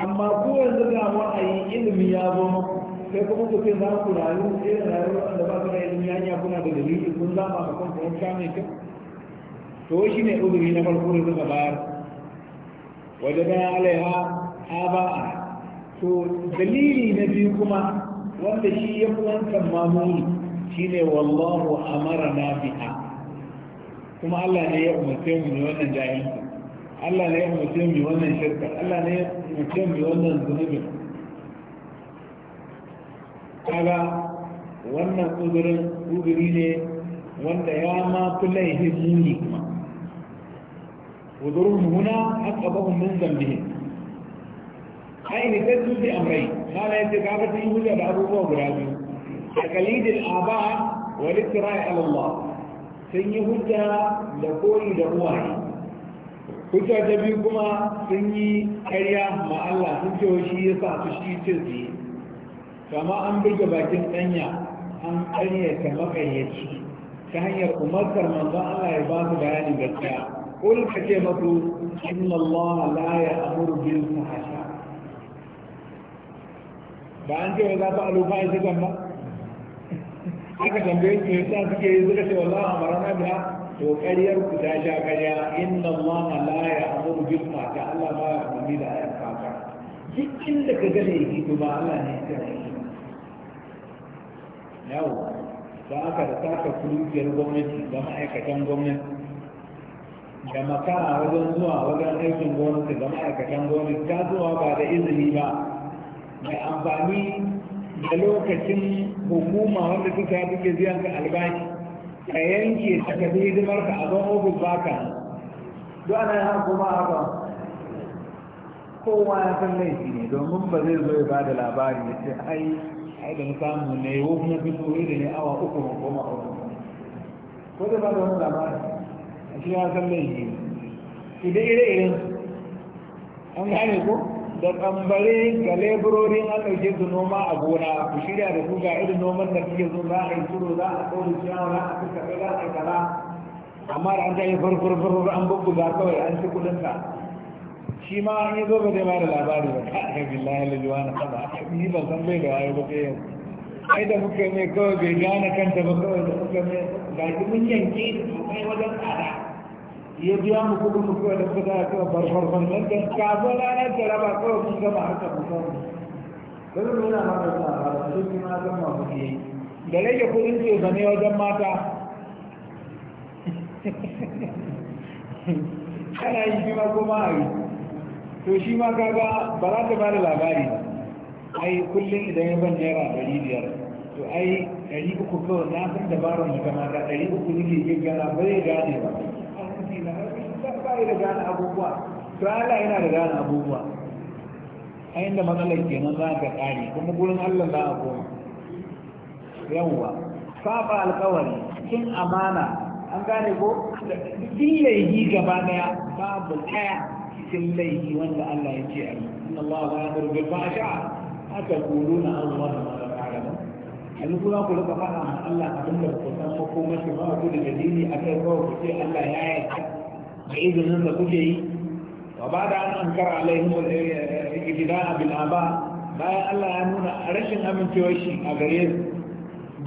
amma ko yanzu ga wa'ayi ilimi ya zo muku sai kuma ku ce za ku rayu sai eh, da rayu wanda ba ku da ilimi nya kuna da dalili kun zama ma kuma wanka mai kyau to shi ne uzuri na farko da suka bayar wajen ya alaiha ba'a to dalili na biyu kuma wanda shi ya fi wancan mamuni shi ne wallahu amara na biha kuma Allah ne ya umarce mu ne wannan jahilci Allah ne ya umarce mu wannan shirka Allah ne ya umarce mu wannan zunubin kaga wannan uzurin uzuri ne wanda ya ma fi laifin muni kuma uzurin huna aqabahum min dhanbihim ai ne ta tuzi amrai kana yace ka ga tun hujja da abubuwa guda biyu takalidil aba wal ittira'i ala Allah sun yi hujja da koyi da uwaye hujja ta biyu kuma sun yi karya ma Allah sun ce shi ya sa su shi ce su yi kama an buga bakin danya an karyata makayyaci ta hanyar umarkar manzon Allah ya ba su bayanin gaskiya Ko ka ce masu inna Allah la ya'muru bil fahsha ba an ce za ta alufa ya zuga ba aka tambaye su yasa suke yi suka ce wallahi amarana biha to ƙaryar ku ta sha ƙarya inna Allah la ya'muru bil ma'ruf Allah ba ya umarni da ayyukan fata duk inda ka ga laifi to ba Allah ne ya yi yawo da aka da taka kulukiyar gwamnati ga ma'aikatan gwamnati da makara wajen zuwa wajen aikin gwamnati ga ma'aikatan gwamnati ta zuwa ba da izini ba mai amfani da lokacin hukuma wanda suka yi duke biyan ka albashi ka yanke ta ka bi hidimar ka a zan ofis baka duk ana yi haka kuma haka kowa ya san laifi ne domin ba zai zo ya ba da labari ya ce ai ai da na samu ne ko kuma fi tsoro da ne awa uku ma koma ofis ko zai ba da wani labari a shi ya san laifi ne idan ire-iren an gane ko da tsambare ga leburorin an ɗauke su noma a gona ku shirya da su ga irin noman da suke zo za a yi turo za a tsoro ciyawa a fuska za a kala amma da an ta yi farfar, an bubbuga kawai an ci kudin ka shi ma an yi zo ba zai ba labari ba kai billahi lalluwa na kaza ni ban san bai da wayo ba sai yau ai da muka mai kawai bai gane kanta ba kawai da muka mai ga mun yanke da kai wajen tsada ya biya mu kudin mu kawai da kuɗa a kawai barfarfan nan da kafin ranar da raba kawai mun gama haka mu samu kawai mu yana mata sa a rasu shi ma zama mu ke da rage kudin ce zane wajen mata ana yi shi ma kuma a yi to shi ma kaga ba za ta bada labari ai kullum idan ya ban naira ɗari biyar to ai ɗari uku kawai na san dabarar da kamata ɗari uku nake gaggara ba zai gane ba bai da gane abubuwa to Allah yana da gane abubuwa a inda matsalar ke kenan za ka kare kuma gurin Allah za a koma yawwa saba alƙawari kin amana an gane ko duk gaba daya babu daya cikin laifi wanda Allah ya ce a yi inna Allah ya amuru bil fahsha aka na Allah ma la ta'lamu yanzu kuma ku rika faɗa ma Allah abin da ku san ko mashi ba ku da dalili akai kawai ku ce Allah ya yarda da izinin da kuke yi wa ba da an ankara alaihim ikitida bil aba bayan Allah ya nuna rashin amincewar shi a gare su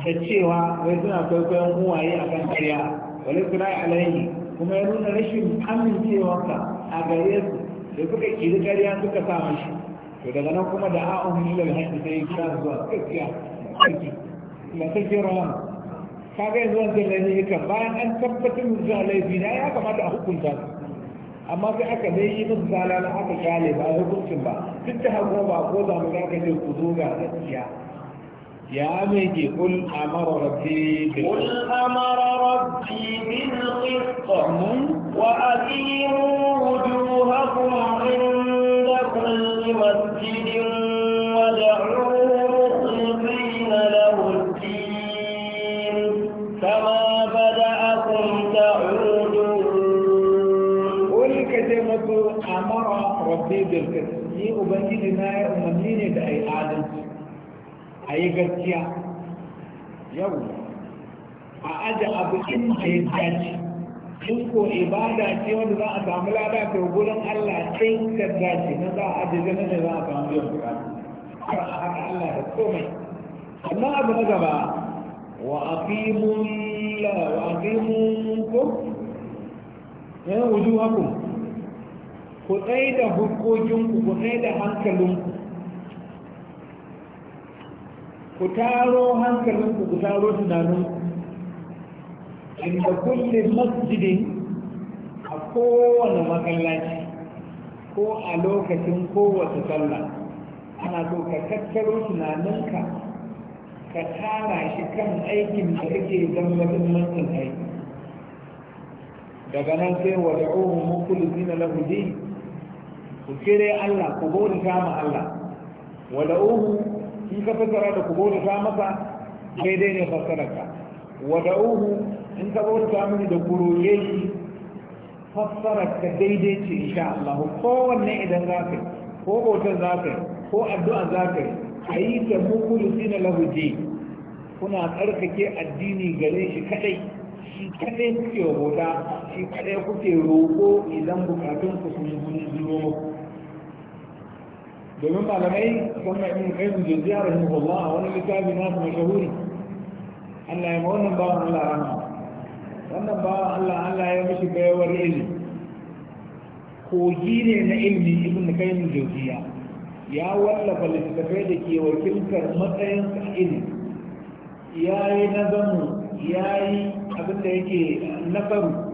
da cewa wai suna kwaikwayon uwaye a kan karya wale kuna alaihi kuma ya nuna rashin amincewarsa a gare su da suka kiri karya suka sa mashi to daga nan kuma da a'un ilal hajji sai ya kira zuwa gaskiya sarki ba rawan kaga yanzu wancan laifukan bayan an tabbatar da laifi na ya kamata a hukunta su amma sai aka dai yi musu na aka kyale ba a hukuncin ba duk da hako ba ko za mu zaka ce ku zo ga gaskiya ya mai ke kul amara rabbi bil kul amara rabbi bil qist wa aqimu wujuhakum inda kulli masjidin wa da'u mukhlisin كما بدأكم تعودون قل كتمة أمر ربي بالقسط ni ubangiji na ya umarni ne da ai adalci a yi gaskiya yau a aje ko ibada ce wanda za a samu lada ta gurin Allah sai ka dace na za a aje ganin da za a samu yau a Allah da komai amma abu na gaba Wa'afimun وأقيموا الله وأقيموا وجوهكم كتيد حقوقكم كتيد هنكلكم ku taro hankalinku ku taro tunaninku inda kulle masjidin a kowane masallaci ko a lokacin kowace sallah ana so ka tattaro tunaninka ka tara shi kan aikin da kake don mahimmancin aiki daga nan sai wada wa mukulu zina lahu din ku kire Allah ku bauta ma Allah Wada da'uhu in ka fasara da ku bauta masa daidai ne fasarar ka wa da'uhu in ka bauta mini da kuroye shi fassarar daidai ce insha Allah kowanne idan za ka ko bautar za ka ko addu'a za ka yi a yi ta mukulu lahu lahuje kuna tsarkake addini gare shi kadai shi kadai kuke bauta shi kadai kuke roƙo idan bukatun ku sun zuwa muku domin malamai sun mai min kai mun jirgiya rahimahullah a wani littafi nasu mashahuri Allah ya wannan bawan Allah rahama wannan bawan Allah Allah ya mishi bayawar ilimi kogi ne na ilimi ibn kai mun jirgiya ya wallafa littattafai da ke wakiltar matsayin ilimi ya yi nazamu ya yi abinda yake nazaru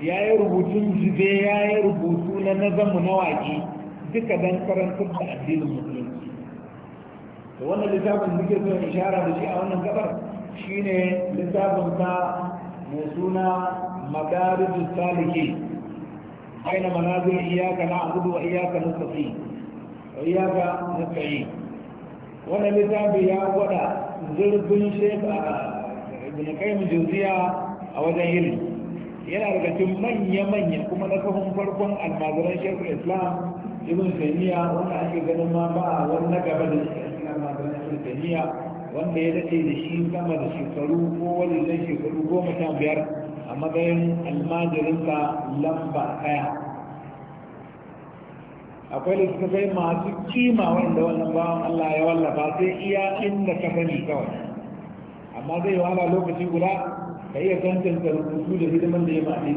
ya yi rubutun jibe ya yi rubutu na nazamu na waƙi duka don karantar da addinin musulunci to wannan littafin muke so ishara da shi a wannan gabar shine littafin ta mai suna madarijus saliki aina manazir iyaka na abudu wa iyaka nastaqim iyaka na yi wannan littafi ya gwada zurfin shefa ibn qayyim jawziya a wajen yin yana da cikin manya-manya kuma na kafin farkon almazaran shekul islam ibn taymiya wanda ake ganin ma ba wani na gaba da wanda ya dace da shi sama da shekaru ko wani zai shekaru goma sha biyar a matsayin almajirinsa lamba kaya akwai littattafai masu kima wanda wannan bawan Allah ya wallafa sai iya inda ka sani kawai amma zai wahala lokaci guda ka iya tantance rubutu da hidiman da ya ma ne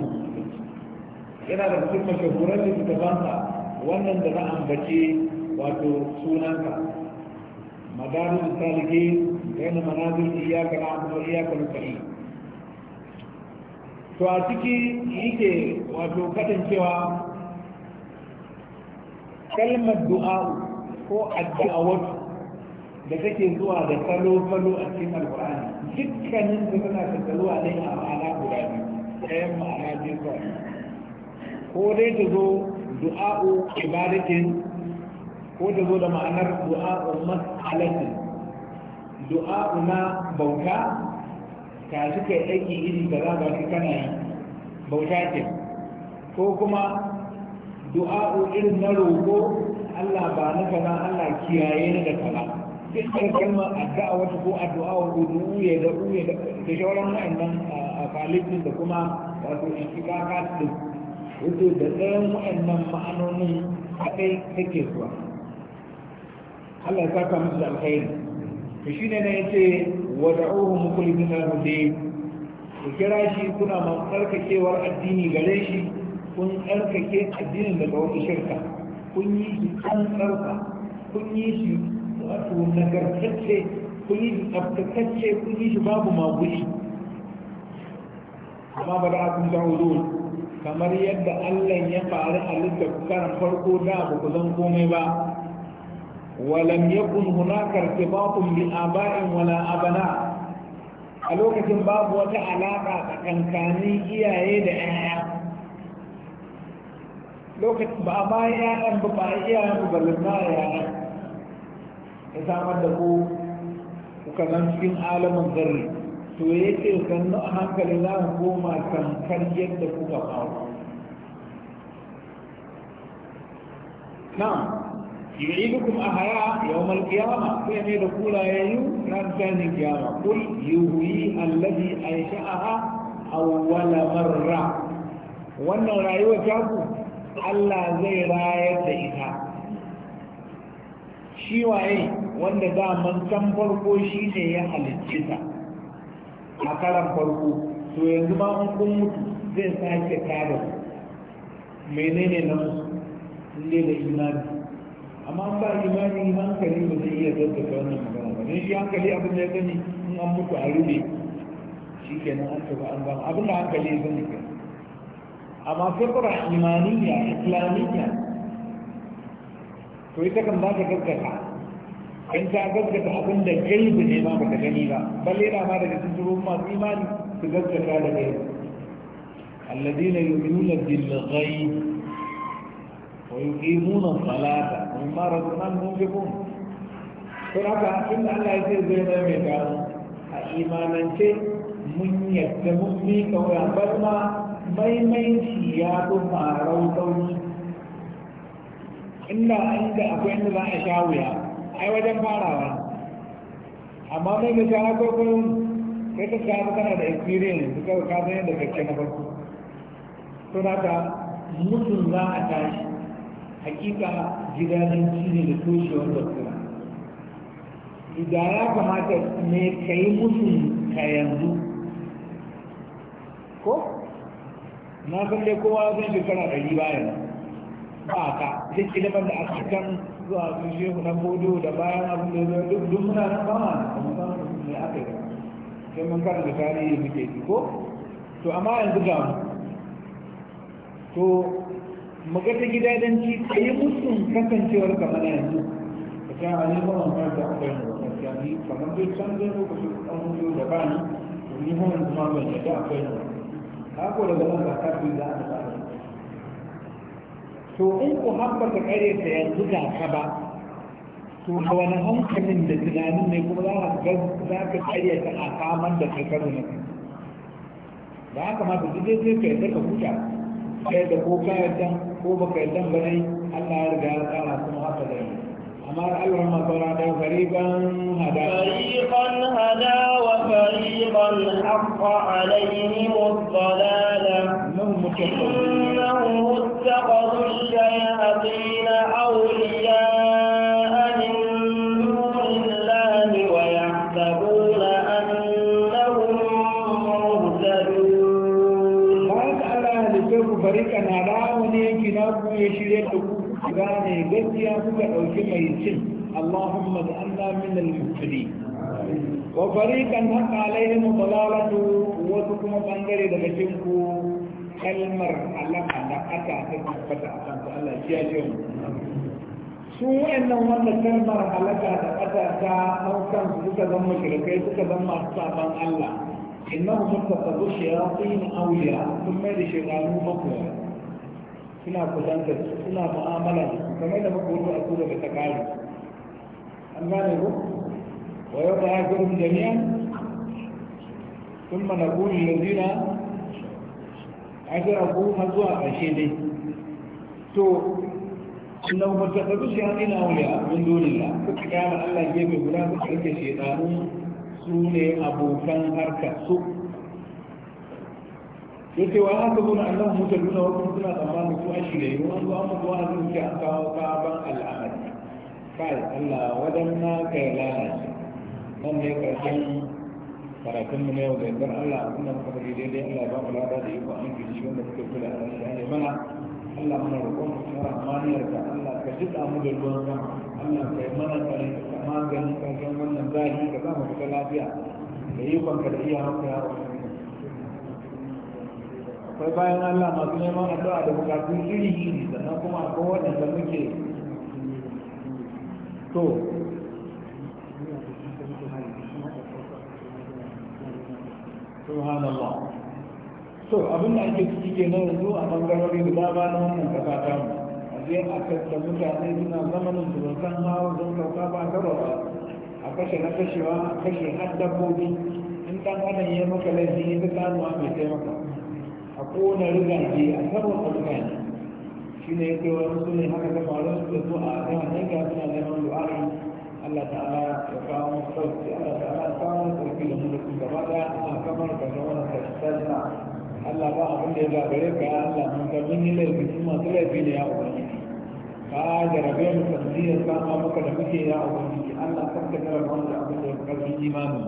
yana da cikin mashahuran littattafansa wannan da na ambace wato sunanka madaru da salike yana manazir iyaka na abu iyaka na to a ciki yake wato katancewa kalmar du'a ko addu'awar da take zuwa da falo-falo a cikin alqur'ani dukkanin su suna tattalu a nan a ma'ana guda biyu ɗayan ma'ana biyu ba, ko dai ta zo du'a'u ibadatin ko ta zo da ma'anar du'a'u mas'alati du'a'u na bauta ka shi kai aiki iri da za ka kana bauta ce ko kuma Du'a irin na roƙo Allah ba na kaza Allah kiyaye ni da kaza sai ka kalma addu'a wata ko addu'a wa du'u ya da ya da da wa'annan kalifin da kuma wato istiqaqat din wato da tsayin wa'annan ma'anonin kadai take zuwa Allah ya saka musu alkhairi to shine ne yace wad'uhu mukulibina hudayb ku kira shi kuna man tsarkakewar addini gare shi kun tsarkake addinin daga wata shirka kun yi shi an tsarka kun yi shi wato nagartacce kun yi shi tsaftatacce kun yi shi babu magushi amma ba da kun ta'udun kamar yadda Allah ya faru a littafin karan farko da ba ku zan komai ba Walam ya هناك ارتباط بآباء ولا bi a lokacin babu wata alaƙa tsakankanin iyaye da 'ya'ya lokacin ba a bayan yanayin ba ba a iya yanku ba lullu yanayin ya samar da ku kuka zan cikin alamin zarri to ya ce zannu a hankali za mu koma tamkar yadda kuka kawo nan yi da kuma a haya yau malkiyama ku yame da kula ya yi ran tsanin kiyama kul yi huyi allabi a yi sha'aha a marra wannan rayuwar ta ku Allah zai rayar da ita shi waye wanda daman can farko shi ne ya halicci ta a karan farko to yanzu ma an kun mutu zai sake kada menene na ne da imani amma ba imani hankali ba zai iya zaddaka wannan magana ba don shi hankali abin da ya gani in an mutu a rube shi kenan an tafi an ba abin da hankali ya gani kenan أماكن رحمانية إسلامية توي تكن ما تكن كذا إن تأكل كذا أبدا جاي بني ما بتجني لا بل إذا ما رجعت تروم ما إيمان تكن كذا لا الذين يؤمنون بالغيب ويقيمون الصلاة وما رزقنا موجبون فرقا إن الله يسير بينا ميتا إيمانا شيء من يتمني كما بدنا maimaici ya fi farau sauri inda inda akwai inda za a sha wuya ai wajen farawa amma mai da shara kwakwaro kai ka shafi tana da experience da kawai kasan yadda kake na farko to da ka mutum za a tashi hakika gidanin ne da toshewar basira idan ya kamata ne ka yi mutum ka yanzu ko na san dai kowa zai shekara ɗari bayan ba ka duk ilimin da aka kan zuwa sun shehu na bodo da bayan abin da zai duk duk muna nan ba ma kuma san ne aka yi sai mun da karanta yi muke ji ko to amma yanzu ga mu to mu ga ta gida gidajenci a yi musun kasancewar kamar yanzu a can a nemo wannan da aka yi da kamar dai can zai lokacin ɗan da bani ni hawan zuma ban yadda akwai na kako daga nan ba kafin za a samu to in ku haɓaka ƙare ta yanzu ga ka ba to a wani hankalin da tunanin ne kuma za ka za ta a kamar da kai karo na da haka ma duk zai sai ka yarda ka huta kai da ko ka yarda ko ba ka yarda ba ne Allah ya riga ya tsara kuma haka da yi amma Allah ma saura da gariban hada gariban hada wa الحق عليهم الضلالة إنهم اتخذوا الشياطين أولياء من دون الله ويحسبون أنهم مهتدون قال أهل الكفر فريقا أراوني كناب يشير تقول gane gaskiya kuka ɗauki mai cin Allahumma da Allah min wa fariqan haqa alaihim dalalatu wa kuma bangare daga cikin ku kalmar alaka da aka tabbata a kan Allah ya ce mu su wa'annan wanda kalmar alaka da aka ta haukan suka zama mushrikai suka zama masu saban Allah innahu muttakhadhu shayatin awliya sun mai da shaytanu makoya suna kusanta suna mu'amala kamar da muka wuce a tura da ta kare an gane ku ويبعثهم جميعا ثم نقول للذين أشركوا هزوا أشيدي تو إنه من تقدوا شيئين أولياء من دون الله فكام الله يجيب بلا فكرك شيطان سوني أبو كان هركا سوء yake wa haka zuna annahu mutaluna wa kuma suna tsammanin su an shirye yi an zo an mutu wani an Allah lalace nan ne karshen karatun mu na yau da yardar Allah inda muka fadi daidai Allah ba mu lada da iko an gishi wanda suka kula da Allah ya mana Allah mana roƙon mu tsara amaniyar ka Allah ka ji mu da ruwan sama Allah ka yi mana tsare ka maganin karshen wannan zahi ka za mu fita lafiya da ikon ka da iya maka ya akwai bayan Allah masu neman addu'a da bukatun iri iri sannan kuma akwai waɗanda muke to subhanallah to abin da ake ciki ke nan yanzu a bangarori da dama na wannan kasa ta mu a je a kasta mutane suna zamanin su ba san hawa don sauka ba gaba ba a kashe na kashewa a kashe har dabbobi in ɗan adam ya maka laifi ya fi kanuwa mai taimaka a kowane rigaje a sabon mutane shi ne ya kai wani su ne haka ta faru su da su a zama ne ga suna neman du'a'i Allah ta'ala ya kawo musu sauki Allah ta'ala ya kawo musu sauki da mulkin gaba da Allah kamar ka zama na kashitarsa Allah ba abin da ya gagare ka Allah mun ka mun yi laifi sun masu laifi ne ya ubangiji ka jarabe mu sanadiyar sama muka da muke ya ubangiji Allah kan ka jarabe mu da abin da ya karfin imanin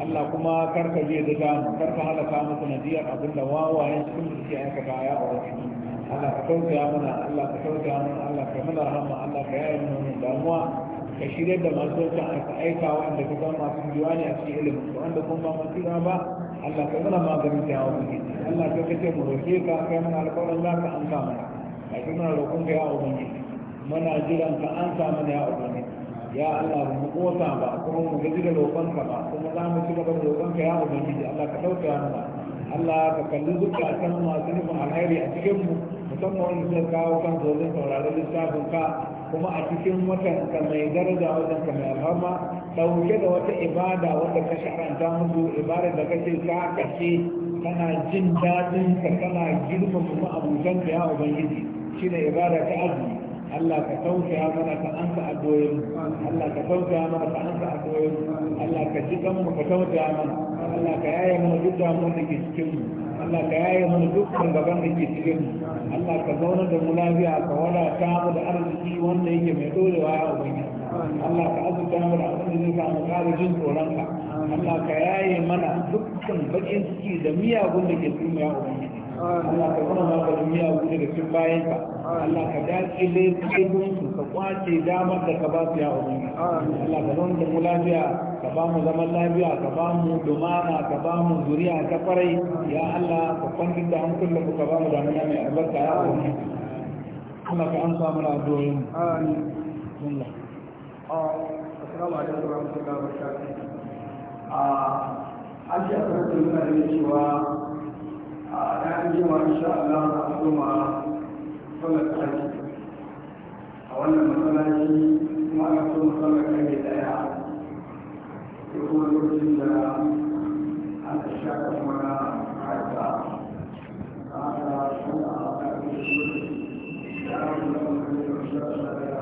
Allah kuma karka je da damu karka halaka mu sanadiyar abin da wawayen sun suke aikata ya ubangiji Allah ka kauta mana Allah ka kauta mana Allah ka mana rahama Allah ka yaye mu damuwa ka shirya da masu wata aka aika wanda ka ga masu biyuwa ne a cikin ilimin su wanda kuma ba masu ba Allah ka mana maganin da yawon muke Allah ka kace mu roke ka kai mana alƙawarin za ka amsa mana ka cikin mana roƙon ka yawon ubangiji muna jiran ka amsa mana ya ubangiji ya Allah ba mu kosa ba kuma mu gaji da roƙon ka ba kuma za mu ci gaba da roƙon ka ya ubangiji Allah ka dauka mana Allah ka kalli zukatan masu nufin alheri a cikin mu musamman wanda suka kawo kan zozin sauraron lissafin ka kuma a cikin watan ka mai daraja watan ka mai alhama dauke da wata ibada wanda ka sharanta musu ibada da kake ka kace kana jin dadin ka kana girmama ma'abutan da ya ubangiji shine ibada ta azumi Allah ka tausaya mana ka ansa adoyin Allah ka tausaya mana ka ansa adoyin Allah ka ji mu ka tausaya mana Allah ka yaye mu duk damuwar da ke cikin mu Allah ka yaye mana dukkan gaban da ke cikin Allah ka zauna da mu lafiya ka wadata mu da arziki wanda yake mai dorewa ya ubangi Allah ka azurta mu da abin da zai sa mu jin tsoron ka Allah ka yaye mana dukkan bakin ciki da miyagun da ke cikin ya ubangi Allah ka kuma maka duniya wuce da cikin bayan ka Allah ka dace ne kaibun su ka kwace damar da ka ba su ya wani Allah ka zama mu lafiya ka ba mu zaman lafiya ka ba mu dumana ka ba mu zuriya ta farai ya Allah ka kwantar da hankulin ka ba mu damuna mai albarka ya wani Allah ka amsa mana addu'o'in amin Allah ah, assalamu alaikum wa rahmatullahi wa barakatuh ah, a an ji a a ɗan jima insha Allah na kuma sallar kaji a wannan matsalaci kuma ana so sallar kaji ɗaya da kuma lokacin da an ta sha kuma na harka a ta shan a ƙarfi da ya rasu da kuma da ya rasu da